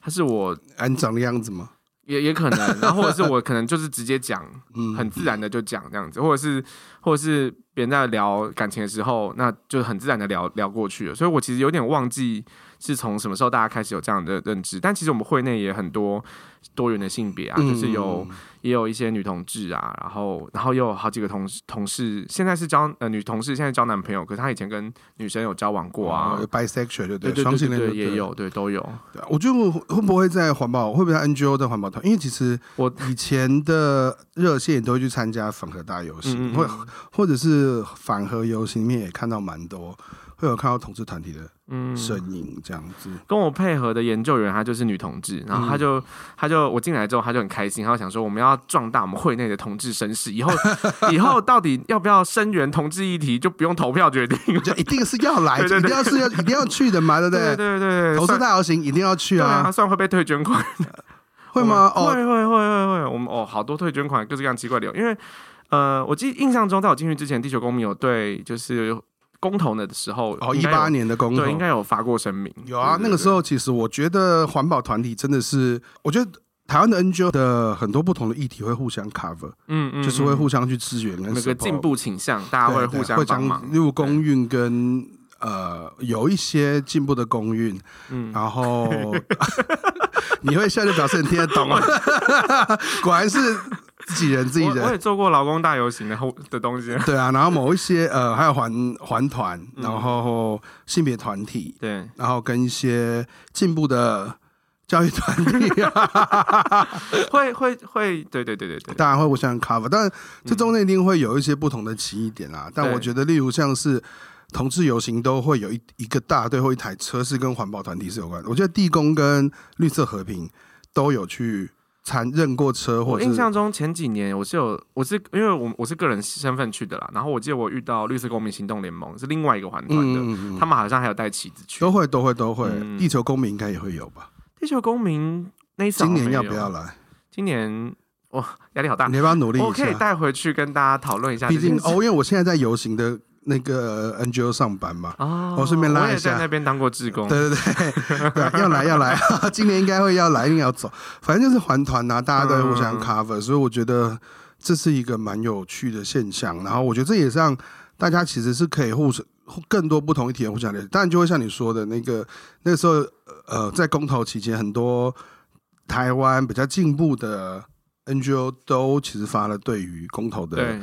Speaker 1: 他是我安長的樣子嗎？也也可能，然後或者是我可能就是直接講， 很自然的就講這樣子，或者是或者是別人在聊感情的時候，那就很自然的聊聊過去了。所以我其實有點忘記是從什麼時候大家開始有這樣的認知，但其實我們會內也很多。多元的性別啊，就是有、嗯、也有一些女同志啊，然後然後也有好幾個同事同事，現在是交呃女同事，現在交男朋友，可是她以前跟女生有交往過啊、嗯、，bisexual 對對雙性戀對，對，對，對，對，對人也有對，都有，
Speaker 2: 對啊，我覺得會不會在環保、嗯、會不會在 NGO 在環保團？因為其實我以前的熱線都會去參加反核大遊行，或、嗯嗯嗯、或者是反核遊行裡面也看到蠻多會有看到同志團體的。嗯，聲音這樣子，
Speaker 1: 跟我配合的研究員，她就是女同志，然後她就她、嗯、就我進來之後，她就很開心，她就想說我們要壯大我們會內的同志聲勢，以後 以後到底要不要聲援同志議題，就不用投票決定，就一定是要來， 對對對，一定要是
Speaker 2: 要一定要去的嘛，對不對？對對對，對，投資大遊行，一定要去啊，她算，
Speaker 1: 算會被退捐款的， 會嗎？會、哦、會會會會，我們哦，好多退捐款，各式各樣奇怪理由，因為呃，我記印象中，在我進去之前，地球公民有對就是。公投的時候，哦，一八年的公投，對，應該有發過聲明。有啊，對對對，那個
Speaker 2: 時候其實我覺得環保團體真的是，我覺得台灣的 NGO 的很多不同的議題會互相 cover，嗯嗯，就是會互相去支援那個進步
Speaker 1: 傾向，大家會互相幫忙。對
Speaker 2: 對對，例如公運跟呃有一些進步的公運，嗯，然後你會現在表示你聽得懂啊？ 果然是。自己人，自己人。我，我也
Speaker 1: 做過勞工大遊行的後的東西。對啊，
Speaker 2: 然後某一些呃，還有環環團，然後性別團體，對、嗯，然後跟一些進步的教育團體，哈哈哈哈
Speaker 1: 會會會，對對對對對，當然
Speaker 2: 會互相 cover，但這中間一定會有一些不同的歧異點啊，嗯，但我覺得，例如像是同志遊行，都會有一對一個大隊或一台車是跟環保團體是有關的。我覺得地公跟綠色和平都有去。參認過車或者是，我印象
Speaker 1: 中前幾年我是有，我是因為我我是個人身份去的啦。然後我記得我遇到綠色公民行動聯盟是另外一個環團的，嗯嗯嗯、他們好像還有帶旗子
Speaker 2: 去。都會都會都會、嗯，地球公民應該也會有吧？
Speaker 1: 地球公民那今年要不要來？今年哇，壓力好大，你要不要努力？我可以帶回去跟大家討論一下。畢竟哦，因為
Speaker 2: 我現在在遊行的。那個 NGO 上班嘛、
Speaker 1: 哦，我順便拉一下。我也在那邊當過志工。對對對，
Speaker 2: 對，要來要來，今年應該會要來，又要走，反正就是環團啊，大家都互相 cover、嗯、所以我覺得這是一個蠻有趣的現象。然後我覺得這也是讓大家其實是可以互成更多不同議題互相了解。但就會像你說的那個那個、時候，呃，在公投期間，很多台灣比較進步的 NGO 都其實發了對於公投的。對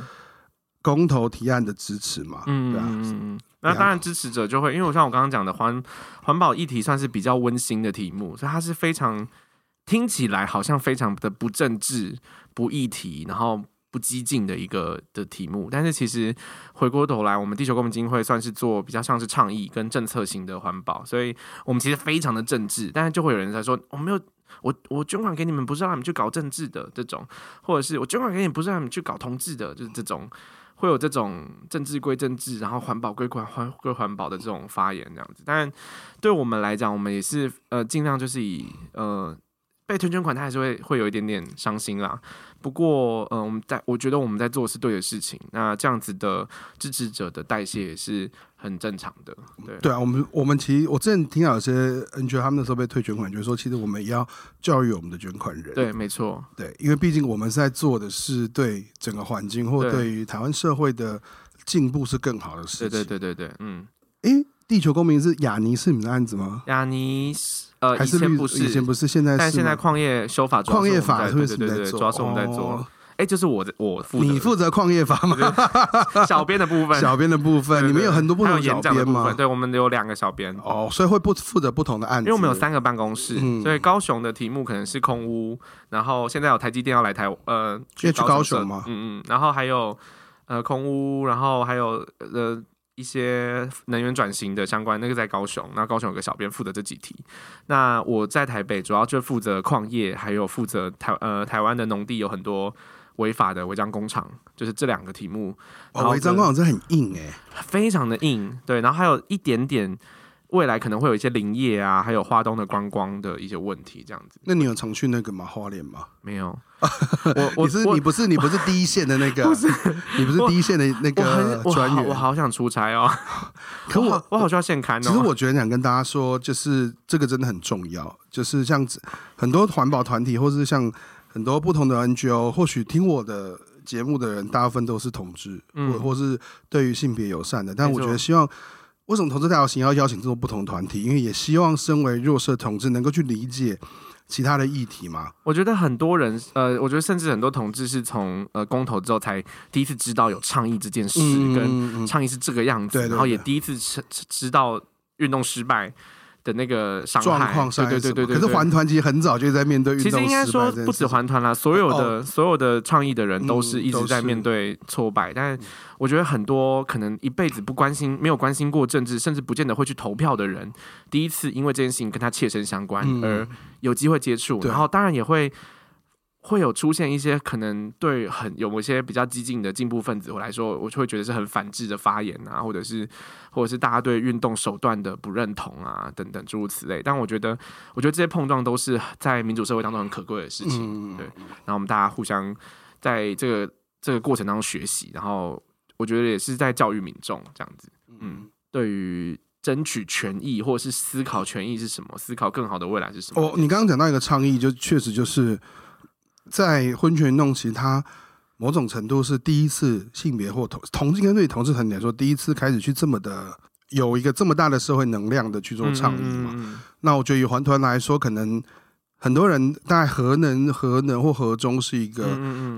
Speaker 2: 公投提案的支持嘛，嗯
Speaker 1: 嗯嗯、啊，那當然支持者就會，因為我像我剛剛講的環環保議題算是比較溫馨的題目，所以它是非常聽起來好像非常的不政治、不議題、然後不激進的一個的題目。但是其實回過頭來，我們地球公民基金會算是做比較像是倡議跟政策型的環保，所以我們其實非常的政治。但是就會有人在說，我、哦、沒有我我捐款給你們不是讓你們去搞政治的這種，或者是我捐款給你不是讓你們去搞同志的，就是這種。會有這種政治歸政治，然後環保歸歸環環歸環保的這種發言這樣子。當然，對我們來講，我們也是呃，儘量就是以呃。被退捐款，他還是會會有一點點傷心啦。不過，嗯、呃，我們在我覺得我們在做的是對的事情。那這樣子的支持者的代謝也是很正常的。對對啊，我
Speaker 2: 們我們其實我之前聽到有些 NGO 他們那時候被退捐款，就說其實我們也要教育我們的捐款人。對，
Speaker 1: 沒錯，對，
Speaker 2: 因為畢竟我們是在做的是對整個環境或對於台灣社會的進步是更好的事情。對對對對對，嗯。誒，地球公民是雅尼，是你們的案子嗎？
Speaker 1: 雅尼。呃，以前不是，不是，不是，現在是，但現在礦業修法主要是我們，礦業法是對對對，對主要是我們在做。哎、哦欸，就是我我負責的你負
Speaker 2: 責礦業法嗎？
Speaker 1: 小編的部分， 小
Speaker 2: 編的部分，對對對，你們有很多不同，還有演講的部分？對，
Speaker 1: 我們有兩個小編。哦，
Speaker 2: 所以會不負責不同的案子，因為我們有三個
Speaker 1: 辦公室，嗯，所以高雄的題目可能是空屋，然後現在有台積電要來台，呃，要去，去高雄，嗯嗯，然後還有呃空屋，然後還有呃。一些能源轉型的相關，那個在高雄，那高雄有個小編負責這幾題。那我在台北主要就負責礦業，還有負責台呃台灣的農地有很多違法的違章工廠，就是這兩個題目。違章工廠真的很硬誒、欸，非常的硬。對，然後還有一點點。未來可能會有一些林業啊，還有花東的觀光的一些問題，這樣
Speaker 2: 子。那你有常去那個嗎花蓮嗎？
Speaker 1: 沒有， 我我你是我你不是你不是第
Speaker 2: 一線的那個？不你不是第一線的那個專員我，我，我好想出差哦， 可我我好，我好需要現刊。哦。其實我覺得想跟大家說，就是這個真的很重要。就是像很多環保團體，或是像很多不同的 NGO，或許聽我的節目的人，大部分都是同志，或、嗯、或是對於性別友善的。但我覺得希望。為什麼同志大遊行，要邀請這麼不同團體？因為也希望身為弱勢同志能夠去理解其他的議題嘛。
Speaker 1: 我覺得很多人，呃，我覺得甚至很多同志是從呃公投之後才第一次知道有倡議這件事，嗯、跟倡議是這個樣子，對對對對，然後也第一次知知道運動失敗的那個狀況，上對,對,對,對對對對。可是環
Speaker 2: 團其實很早就在面對，其實應該說不止
Speaker 1: 環團啦、啊，所有的、哦、所有的創意的人都是一直在面對挫敗、嗯。但是我覺得很多可能一輩子不關心、沒有關心過政治，甚至不見得會去投票的人，第一次因為這件事情跟他切身相關而有機會接觸、嗯，然後當然也會。會有出現一些可能對很有一些比較激進的進步分子我來說，我會覺得是很反智的發言啊，或者是或者是大家對運動手段的不認同啊等等諸如此類。但我覺得，我覺得這些碰撞都是在民主社會當中很可貴的事情。嗯、對，然後我們大家互相在這個這個過程當中學習，然後我覺得也是在教育民眾這樣子。嗯，對於爭取權益或者是思考權益是什麼，思考更好的未來是什麼。哦，你剛
Speaker 2: 剛講到一個倡議，就確實就是。在婚權運動其實它某種程度是第一次，性別或同同性跟對同志很難來說，第一次開始去這麼的有一個這麼大的社會能量的去做倡議嘛。嗯嗯嗯、那我覺得以環團來說，可能很多人在核能、核能或核中是一個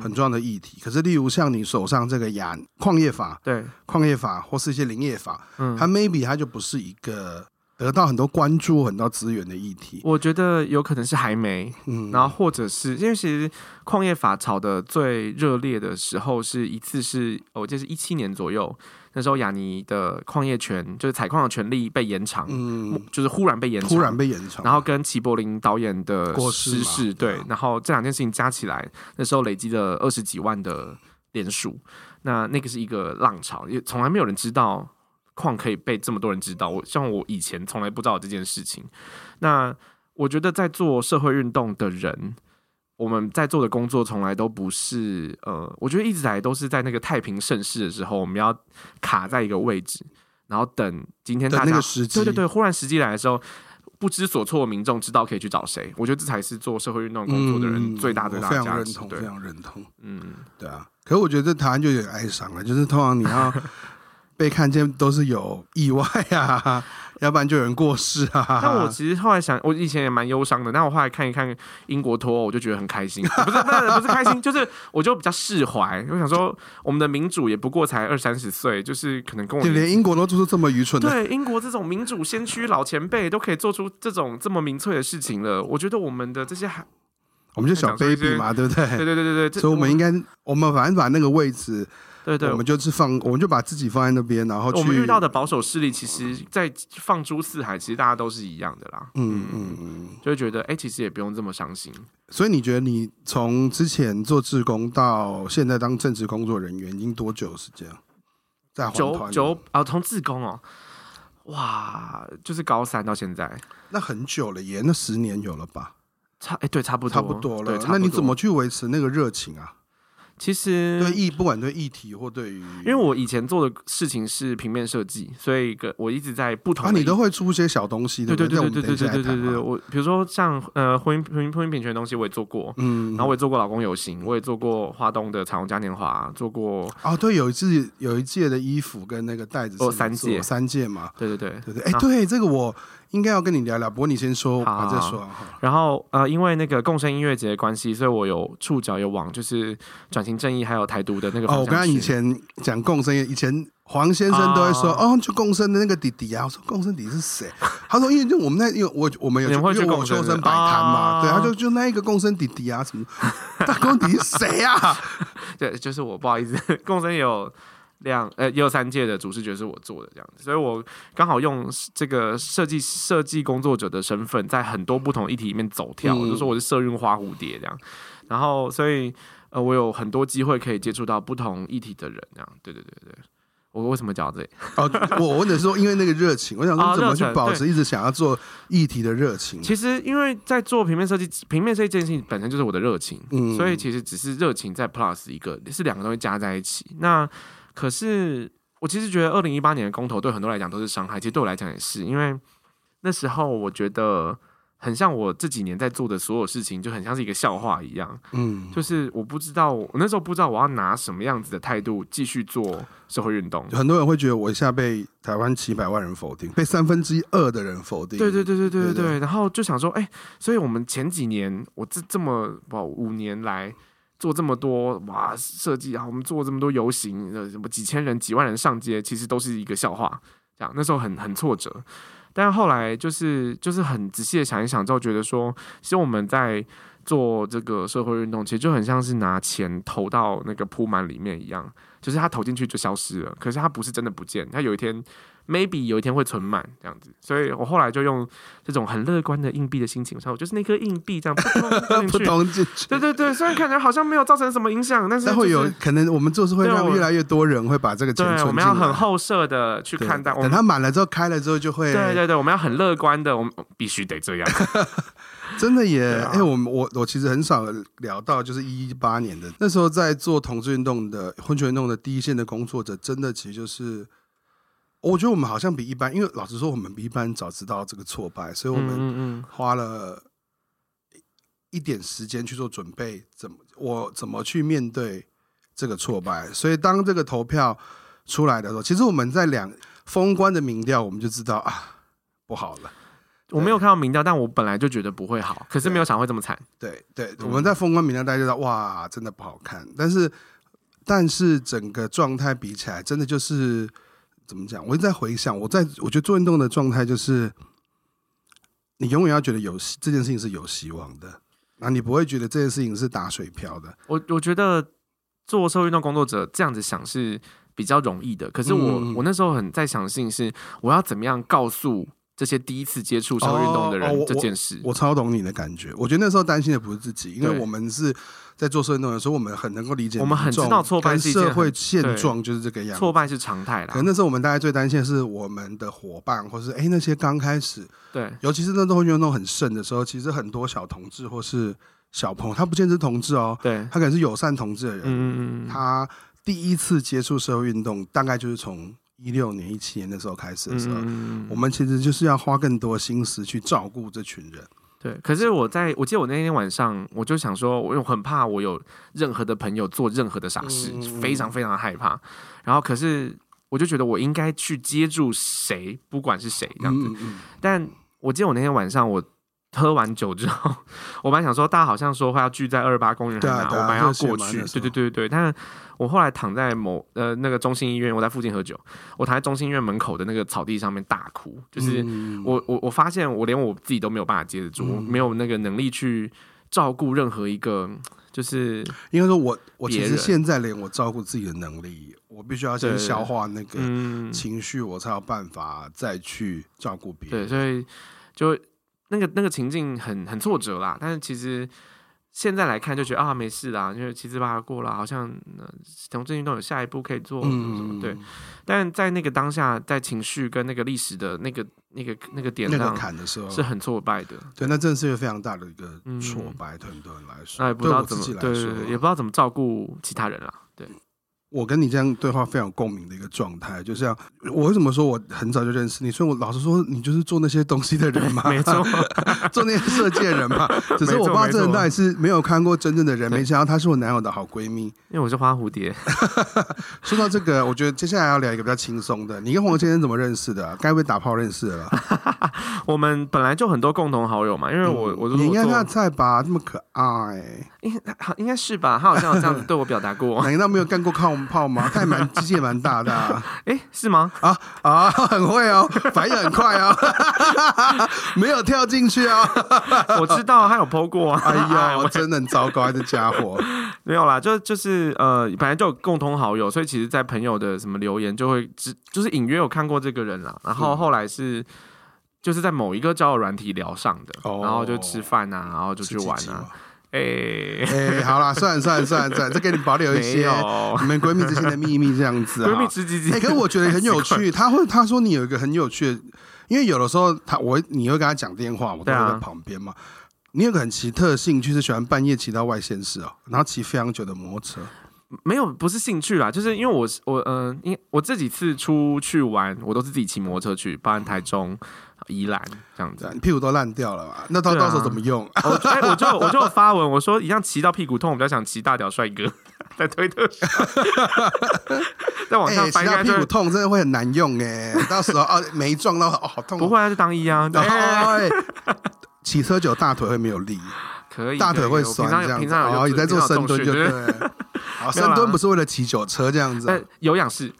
Speaker 2: 很重要的議題。嗯嗯嗯、可是，例如像你手上這個牙礦業法，對礦業法或是一些林業法、嗯，它 maybe 它就不是一個。得到很多關注、很多資源的議題，
Speaker 1: 我覺得有可能是還沒，嗯，然後或者是因為其實礦業法炒的最熱烈的時候，是一次是哦，我記得是一七年左右，那時候亞泥的礦業權，就是採礦的權利被延長，嗯，就是忽然被延長，忽然被延長，然後跟齊柏林導演的事過世，對，然後這兩件事情加起來，那時候累積了二十幾萬的連署，那那個是一個浪潮，也從來沒有人知道。況可以被這麼多人知道，我像我以前從來不知道這件事情。那我覺得在做社會運動的人，我們在做的工作從來都不是呃，我覺得一直來都是在那個太平盛世的時候，我們要卡在一個位置，然後等今天大家時機，對對對，忽然時機來的時候，不知所措的民眾知道可以去找誰，我覺得這才是做社會運動工作的人、嗯、最大最大的大家認同對，非常認同，嗯，對啊。
Speaker 2: 可是我覺得台灣就有點哀傷了，就是通常你要。 被看見都是有意
Speaker 1: 外啊， 要不然就有人過世啊。但我其實後來想，我以前也蠻憂傷的。但我後來看一看英國脫歐，我就覺得很開心。 不是，不是，不是開心，就是我就比較釋懷。我想說，我們的民主也不過才二三十歲，就是可能跟我連
Speaker 2: 英國都做出這麼愚蠢
Speaker 1: 的，對英國這種民主先驅老前輩都可以做出這種這麼民粹的事情了。我覺得我們的這些還，
Speaker 2: 我們就小 baby 嘛，對不對？對對對對對。所以我，我們應該，我們反正把那個位置。對對，我們就是放、嗯，我們就把自己放在那邊，然後去，我們遇到
Speaker 1: 的保守勢力，其實，在放諸四海，其實大家都是一樣的啦。嗯嗯嗯，就覺得哎、欸，其實也不用這麼傷心。
Speaker 2: 所以你覺得，你從之前做志工到現在當政治工作人員，已經多久時間？
Speaker 1: 在九九啊，從志工哦，哇，就是高三到現在，那很久了耶，也那十年有了吧？
Speaker 2: 差哎、欸，對，差不多，差不多了。多那你怎麼去維持那個熱情啊？其實對議，不管對議題
Speaker 1: 或對於，因為我以前做的事情是平面設計，所以我一直在不
Speaker 2: 同啊，你都會出一些小東西，對對對對對對對對，對對對對對對
Speaker 1: 對對對。我比如說像呃，婚姻婚姻婚姻平權的東西我也做過，嗯，然後我也做過老公遊行，我也做過花東的彩虹嘉年華，做過
Speaker 2: 哦對，有一次有一屆的衣服跟那個袋子是哦，三屆三屆
Speaker 1: 嘛，對對對對對，對，對，哎、欸啊，對
Speaker 2: 這個我。應該要跟你聊聊，不過你先說，我、啊、再說、啊。
Speaker 1: 然後呃，因為那個共生音樂節的關係，所以我有觸角，有往，就是轉型正義還有台獨的那個。哦，我剛剛以
Speaker 2: 前講共生，以前黃先生都會說、啊、哦，就共生的那個弟弟啊。我說共生弟、弟是誰、啊？他說因為就我們那有我我們有就會去共生，我生擺攤嘛，啊、對他就就那一個共生弟弟啊什麼？共生弟是誰啊？
Speaker 1: 對，就是我，不好意思，共生有。這樣，呃、欸，一二三屆的主視覺是我做的，這樣子，所以我剛好用這個設計設計工作者的身份，在很多不同議題裡面走跳，嗯、我就說我是社運花蝴蝶這樣，然後所以呃，我有很多機會可以接觸到不同議題的人這樣，對對對對，我為什麼講到這裡？哦，我問的是說，因為那個熱情， 我想說你怎麼去保持一直想要做議題的熱情？哦、熱其實因為在做平面設計，平面設計這件事情本身就是我的熱情，嗯、所以其實只是熱情再 plus 一個，是兩個東西加在一起，那。可是，我其實覺得二零一八年的公投對很多來講都是傷害，其實對我來講也是，因為那時候我覺得很像我這幾年在做的所有事情，就很像是一個笑話一樣。嗯，就是我不知道，我那時候不知道我要拿什麼樣子的態度繼續做社會運動，
Speaker 2: 很多人會覺得我一下被台灣七百萬人否定，被三分之一二的人否定。對對對對，對對對對對對，
Speaker 1: 然後就想說，哎、欸，所以我們前幾年，我這這麼不五年來。做這麼多哇設計啊，我們做這麼多遊行，什麼幾千人、幾萬人上街，其實都是一個笑話。這樣那時候很很挫折，但是後來就是就是很仔細的想一想之後，覺得說，其實我們在做這個社會運動，其實就很像是拿錢投到那個撲滿裡面一樣，就是他投進去就消失了，可是他不是真的不見，他有一天。maybe 有一天會存滿這樣子，所以我後來就用這種很樂觀的硬幣的心情，所以我就是那顆硬幣這樣撲通進去，對對對，雖然感覺好像沒有造成什麼影響，但是、就是、但會有可
Speaker 2: 能我們做事會讓越來越多人會把這個錢存，我們要很
Speaker 1: 後設的去看待，等它滿了
Speaker 2: 之後開了之後就會，對對
Speaker 1: 對，我們要很樂觀的，我們必須得這樣，
Speaker 2: 真的也，哎，我我我其實很少聊到就是一八年的那時候在做同志運動的婚權運動的第一線的工作者，真的其實就是。我覺得我們好像比一般，因為老實說，我們比一般人早知道這個挫敗，所以我們花了一點時間去做準備，怎麼我怎麼去面對這個挫敗。所以當這個投票出來的時候，其實我們在兩封關的民調，
Speaker 1: 我們就知道啊不好了。我沒有看到民調，但我本來就覺得不會好，可是沒有想會這麼慘。對對，對，我們
Speaker 2: 在封關民調，大家知道哇，真的不好看。但是但是整個狀態比起來，真的就是。怎麼講？我一直在回想，我在我覺得做運動的狀態就是，你永遠要覺得有這件事情是有希望的，那、啊、你不會覺得這件事情是打水漂的。
Speaker 1: 我我覺得做社會運動工作者這樣子想是比較容易的。可是我、嗯、我那時候很在想的是，是我要怎麼樣告訴這些第一次接觸社會運動的人這件事、
Speaker 2: 哦哦我？我超懂你的感覺。我覺得那時候擔心的不是自己，因為我們是。在做社會運動的時候，我們很能夠理解我們，很知道挫敗，但社會現狀就是
Speaker 1: 這個樣，挫敗是常態了。
Speaker 2: 可能那時候我們大家最擔心的是我們的夥伴，或是、欸、那些剛開始，對，尤其是那段時間運動很盛的時候，其實很多小同志或是小朋友，他不見得是同志哦，對，他可能是友善同志的人，他第一次接觸社會運動，大概就是從一六年、一七年的時候開始的時候，我們其實就是要花更多心思去照顧這群人。
Speaker 1: 對，可是我在我記得我那天晚上，我就想說，我又很怕我有任何的朋友做任何的傻事，嗯嗯嗯，非常非常害怕。然後，可是我就覺得我應該去接住誰，不管是誰這樣子嗯嗯嗯。但我記得我那天晚上我。喝完酒之後，我本來想說，大家好像說要聚在二二八公園，啊，對啊，我本來要過去。對對對對對。但我後來躺在某呃那個中心醫院，我在附近喝酒，我躺在中心醫院門口的那個草地上面大哭。就是我、嗯、我我發現我連我自己都沒有辦法接得住，我、嗯、沒有那個能力去照顧任何一個，就是因為說我我其實現
Speaker 2: 在連我照顧自己的
Speaker 1: 能力，
Speaker 2: 我必須要先消化那個情緒，我才有辦法
Speaker 1: 再去照顧別人對，嗯。對，所以就。那個那個情境很很挫折啦，但是其實現在來看就覺得啊沒事啦，因為七七八八過了，好像同志運動有下一步可以做、嗯是是，對。但在那個當下，在情緒跟那個歷史的那個那個那個點那個坎的時候，是很挫敗的，那個
Speaker 2: 的。對，那真的是非常大的一個
Speaker 1: 挫敗對很多人來說，對不知道怎麼對，對，對，對，也不知道怎麼照顧其他人了、啊，對。
Speaker 2: 我跟你這樣對話非常共鳴的一個狀態，就是要，我為什麼說我很早就認識你？所以我老實說，你就是做那些東西的人嘛，沒
Speaker 1: 錯， 做那些色戒的人嘛。只是我爸這人到底是
Speaker 2: 沒有看過真正的人，沒，沒想到他是我男友的好閨蜜。因
Speaker 1: 為我是花蝴蝶。
Speaker 2: 說到這個，我覺得接下來要聊一個比較輕鬆的。你跟黃先生怎麼認識的？啊？該不
Speaker 1: 會打炮認識的。了？ 我們本來就很多共同好友嘛。因為我，嗯、我就你應該看他
Speaker 2: 在吧，這麼可愛，應應該是吧？他好像有這樣子
Speaker 1: 對我表達過。難 道沒有
Speaker 2: 幹過靠？靠我們。泡嗎？他也蠻力氣蠻大的、啊。哎、欸，是嗎？啊啊，很會哦、喔，反應很快啊、喔， 沒有跳進去啊、喔。 我知道他有
Speaker 1: 剖過、啊。哎呀，我真
Speaker 2: 的很糟糕，的家伙。
Speaker 1: 沒有啦，就就是呃，本來就有共同好友，所以其實，在朋友的什麼留言就會就是隱約有看過這個人了。然後後來是就是在某一個交友軟體聊上的，嗯、然後就吃飯啊，然後就去玩啊。哦哎、欸 欸，好啦了，算了算了算了，再給你保留一些你們閨蜜之間的秘
Speaker 2: 密這樣子啊。閨 蜜知己，哎，可是我覺得很有趣。 他會她說，你有一個很有趣的，因為有的時候她，我你會跟他講電話，我都會在旁邊嘛、啊。你有個很奇特的興趣是喜歡半夜騎到外縣市哦，然後騎非常久的摩托車。
Speaker 1: 沒有，不是興趣啦，就是因為我我呃，因我這幾次出去玩，我都是自己騎摩托車去，包含台中。嗯鼻難這樣子，
Speaker 2: 你屁股都爛掉了嘛？那到到時候怎麼用？啊、 我就我
Speaker 1: 就發文，我說一樣騎到屁股痛，我比較想騎大屌帥哥 在推特，
Speaker 2: 在網上。哎、 就是，騎、欸、到屁股痛真的會很難用哎、欸， 到時候啊，沒、
Speaker 1: 哦、撞到、哦、好痛，不會啊就當醫啊。然後會騎、
Speaker 2: 欸欸、 車久大腿會沒有力。
Speaker 1: 可以，大腿會酸，這樣平常。平常有、哦、也在做深蹲就，就對、 哦。深蹲不是為了
Speaker 2: 騎腳車這樣子，啊，
Speaker 1: 有氧式。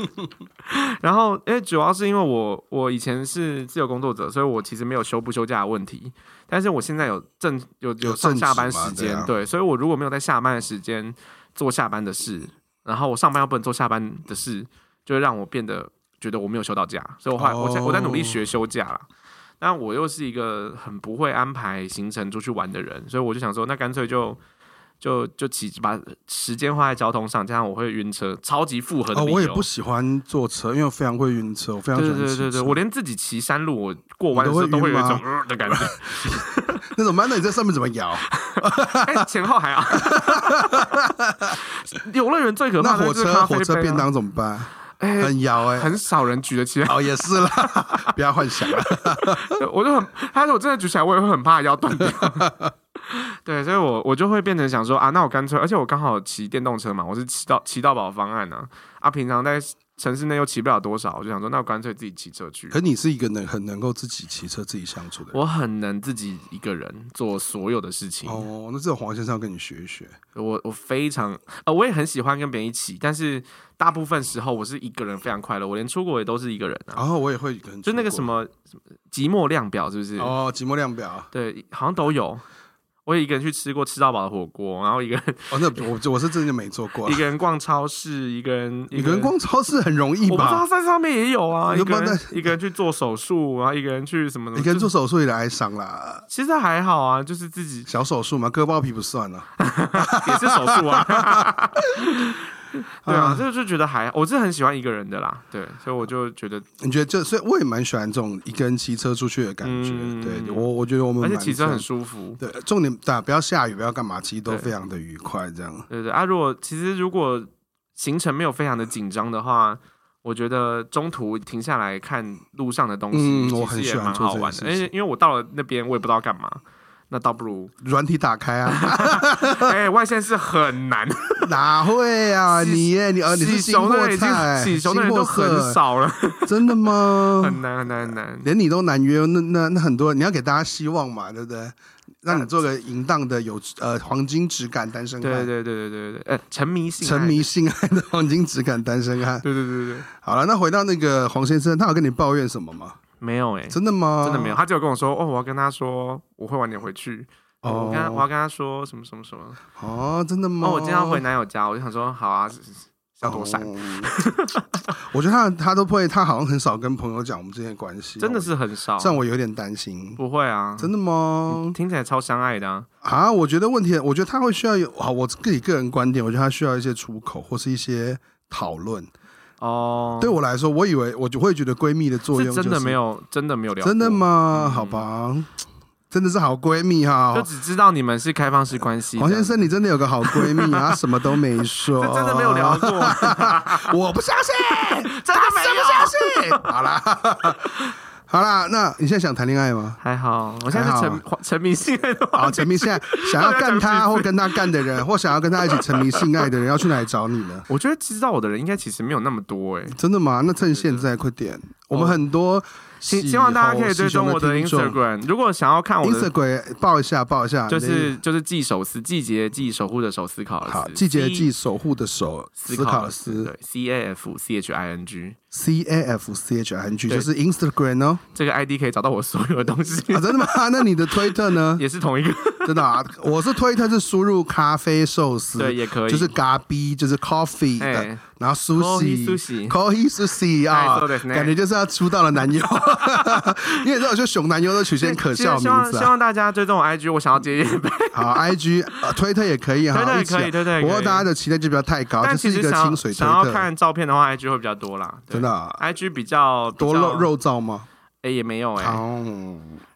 Speaker 1: 然後，因、欸、主要是因為我我以前是自由工作者，所以我其實沒有休不休假的問題。但是我現在有正有有上下班時間，啊，對，所以我如果沒有在下班的時間做下班的事，然後我上班又不能做下班的事，就會讓我變得覺得我沒有休到假。所以我後來、哦、我在努力學休假了。但我又是一個很不會安排行程出去玩的人，所以我就想說，那乾脆就就就騎，把時間花在交通上。這樣我會暈車，超級複合的。哦，我也不
Speaker 2: 喜歡坐車，因為我非常會暈車，我非常車對對對對。我連
Speaker 1: 自己騎山路，我過彎時都會，都會有一種、呃、的感
Speaker 2: 覺。那種彎，那你在上面怎麼搖？
Speaker 1: 哎，前後還好。遊樂園最可怕那火車是是火車便當怎麼辦？欸、很搖哎、欸，很少人舉得起來。哦， 也是啦，不要幻想了。 我就很，但是我真的舉起來，我也會很怕腰斷掉。 對，所以我，我我就會變成想說啊，那我乾脆，而且我剛好騎電動車嘛，我是騎到騎到飽方案呢、啊。啊，平常在，城市內又騎不了多少，我就想說，那我乾脆自己騎車去。可是你是一個能很能夠自己騎車、自己相處的人。我很能自己一個人做所有的事情。哦，那這種黃先生要跟你學一學。我我非常呃、哦，我也很喜歡跟別人一起，但是大部分時候我是一個人，非常快樂。我連出國也都是一個人啊。然、哦、後我也會跟就那個什麼什麼寂寞量表是不是？哦，寂寞量表，對，好像都有。我也一個人去吃過吃到飽的火鍋，然後一個人哦，那我我是真的沒做過。一個人逛超市，一個人一個人，一個人逛
Speaker 2: 超市很容易吧？我不知道
Speaker 1: 在上面也有啊。一個人一個人去做手術、啊，然後一個人去什麼，什麼一個人
Speaker 2: 做手術也哀傷啦。
Speaker 1: 其實還好啊，就是自己
Speaker 2: 小手術嘛，割包皮不算了，
Speaker 1: 也是手術啊。 對啊，就、啊、就覺得還，我是很喜歡一個人的啦。對，所以我就覺得，你覺得，這，
Speaker 2: 所以我也蠻喜歡這種一個人騎車出去的感覺。嗯、對，我我覺得我們喜歡而且騎車很舒服。對，重點大家不要下雨，不要幹嘛，其實都非常的愉快。這樣，
Speaker 1: 對對，對啊。如果其實如果行程沒有非常的緊張的話，我覺得中途停下來看路上的東西，其實也蠻好玩的。因、嗯、為因為我到了那邊，我也不知道要幹嘛。那倒不如軟體打開啊！ 哎、欸，外線是很難，
Speaker 2: 哪會啊？你耶你兒、呃、你是小破彩，性破彩都很少了， 真的嗎？很難很
Speaker 1: 難很難，
Speaker 2: 連你都難約。那那那很多，你要給大家希望嘛，對不對？讓你做個淫蕩的有呃黃金質感單身漢、啊，對對對對
Speaker 1: 對、呃、 對對對對對
Speaker 2: 對，沉迷性沉迷性愛的黃金質感單身漢，對
Speaker 1: 對對
Speaker 2: 對。好了，那回到那個黃先生，他有跟你
Speaker 1: 抱怨什麼嗎？沒有誒、欸，真的嗎？真的沒有。他只有跟我說，哦，我要跟他說，我會晚點回去。哦嗯、我跟他，我要跟他說什麼什麼什麼。哦，真的嗎？哦、我今天要回男友家，我就想說，好啊，要躲閃。
Speaker 2: 哦、 我覺得他他都不會，他好像很少跟朋友
Speaker 1: 講我們之間關係，真的是很少。但我有
Speaker 2: 點擔心。
Speaker 1: 不會啊，真的嗎？聽起來超相愛的
Speaker 2: 啊，啊！我覺得問題，我覺得他會需要有啊，我自己個人觀點，我覺得他需要一些出口或是一些討論。哦、oh,，對我來說，我以為我就會覺得閨蜜的作用、就是、真的沒有，
Speaker 1: 真的沒有聊過，真的
Speaker 2: 嗎？嗯、好吧，真的是好閨蜜哈，我
Speaker 1: 只知道你們是開放式關係。黃先
Speaker 2: 生，你真的有個好閨蜜啊？ 什麼都沒說、啊，真的沒有聊過，我不相信， 真的沒有不相信，好啦。 好啦，那你現在想談戀愛嗎？還好，我現在是沉、啊、沉迷性愛的話。好，沉迷性愛。想要幹他或跟他幹的人， 或想要跟他一起沉迷性愛的人， 要去哪裡找
Speaker 1: 你呢？我覺得知道我的人應該其實沒有那麼多哎、欸。
Speaker 2: 真的嗎？那趁現在快點。Oh, 我們很
Speaker 1: 多希希望大家可以追蹤我的 Instagram，如果想要看我的
Speaker 2: Instagram，報一下報一下，就是
Speaker 1: 就是季守思，季節季守護的守思考的思，好，季節季守護的守思考的思 C, 對，C A F C H I N G
Speaker 2: C A F C H I N G，, -I -N -G, -I -N -G 就是 Instagram 哦，
Speaker 1: 這個 ID 可以找到我所有的東西啊，真的嗎？
Speaker 2: 那你的推特呢？也是同一個。真的啊，我是推特是輸入咖啡壽司，對，也可以，就是咖逼，就是 coffee，對，hey, 然後 sushi，coffee sushi. sushi 啊，yeah, so right. 感覺就是要出道的男友，因為這種就熊男優都取些可笑名字啊，希
Speaker 1: 望大家就這種 IG，我想要接一杯，
Speaker 2: 好，IG，推特也可以，推特也可以，推特、啊，不過大家的期待就不要太高，就是一個清水推特想要看
Speaker 1: 照片的話，IG 會比較多啦，真的、啊、，IG 比較，比較多肉照嗎？哎、欸，也沒有哎、
Speaker 2: 欸哦，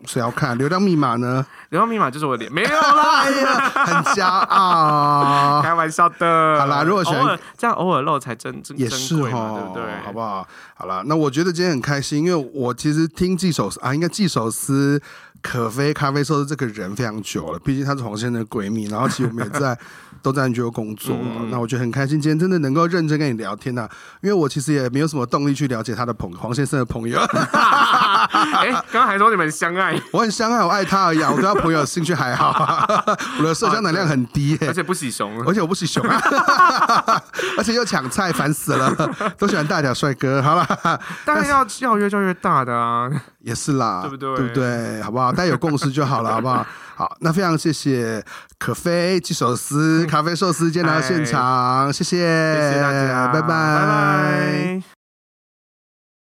Speaker 2: 誰要看流量密碼呢？流量密碼
Speaker 1: 就是我的臉。沒有啦， 哎、很驕傲，
Speaker 2: 開玩笑的。好啦，如果選
Speaker 1: 這樣偶爾漏才真，真也是哦嘛對不對？
Speaker 2: 好不好？好啦，那我覺得今天很開心，因為我其實聽季守啊，應該季守思。可飛咖啡壽司這個人非常久了，畢竟他是黃先生的閨蜜，然後其實我們也在 都在 NGO 工作，嗯、那我覺得很開心，今天真的能夠認真跟你聊天吶、啊，因為我其實也沒有什麼動力去了解他的朋友黃先生的朋友。
Speaker 1: 哎、 欸，剛剛還說你們相愛，
Speaker 2: 我很相愛，我愛他而已、啊，我跟他朋友興趣還好、啊， 我的社交能量很低、欸
Speaker 1: 啊，而且不喜熊，而且我不喜熊啊，
Speaker 2: 而且又搶菜煩死了，都喜歡大隻帥哥，好了，當然要要越叫越大的啊。也是啦，對不對？對不對？好不好？大家有共識就好了，好不好？好，那非常謝謝可飛、季守思、咖啡壽司今天來到現場， 哎、謝謝，謝謝大家，拜拜，拜拜。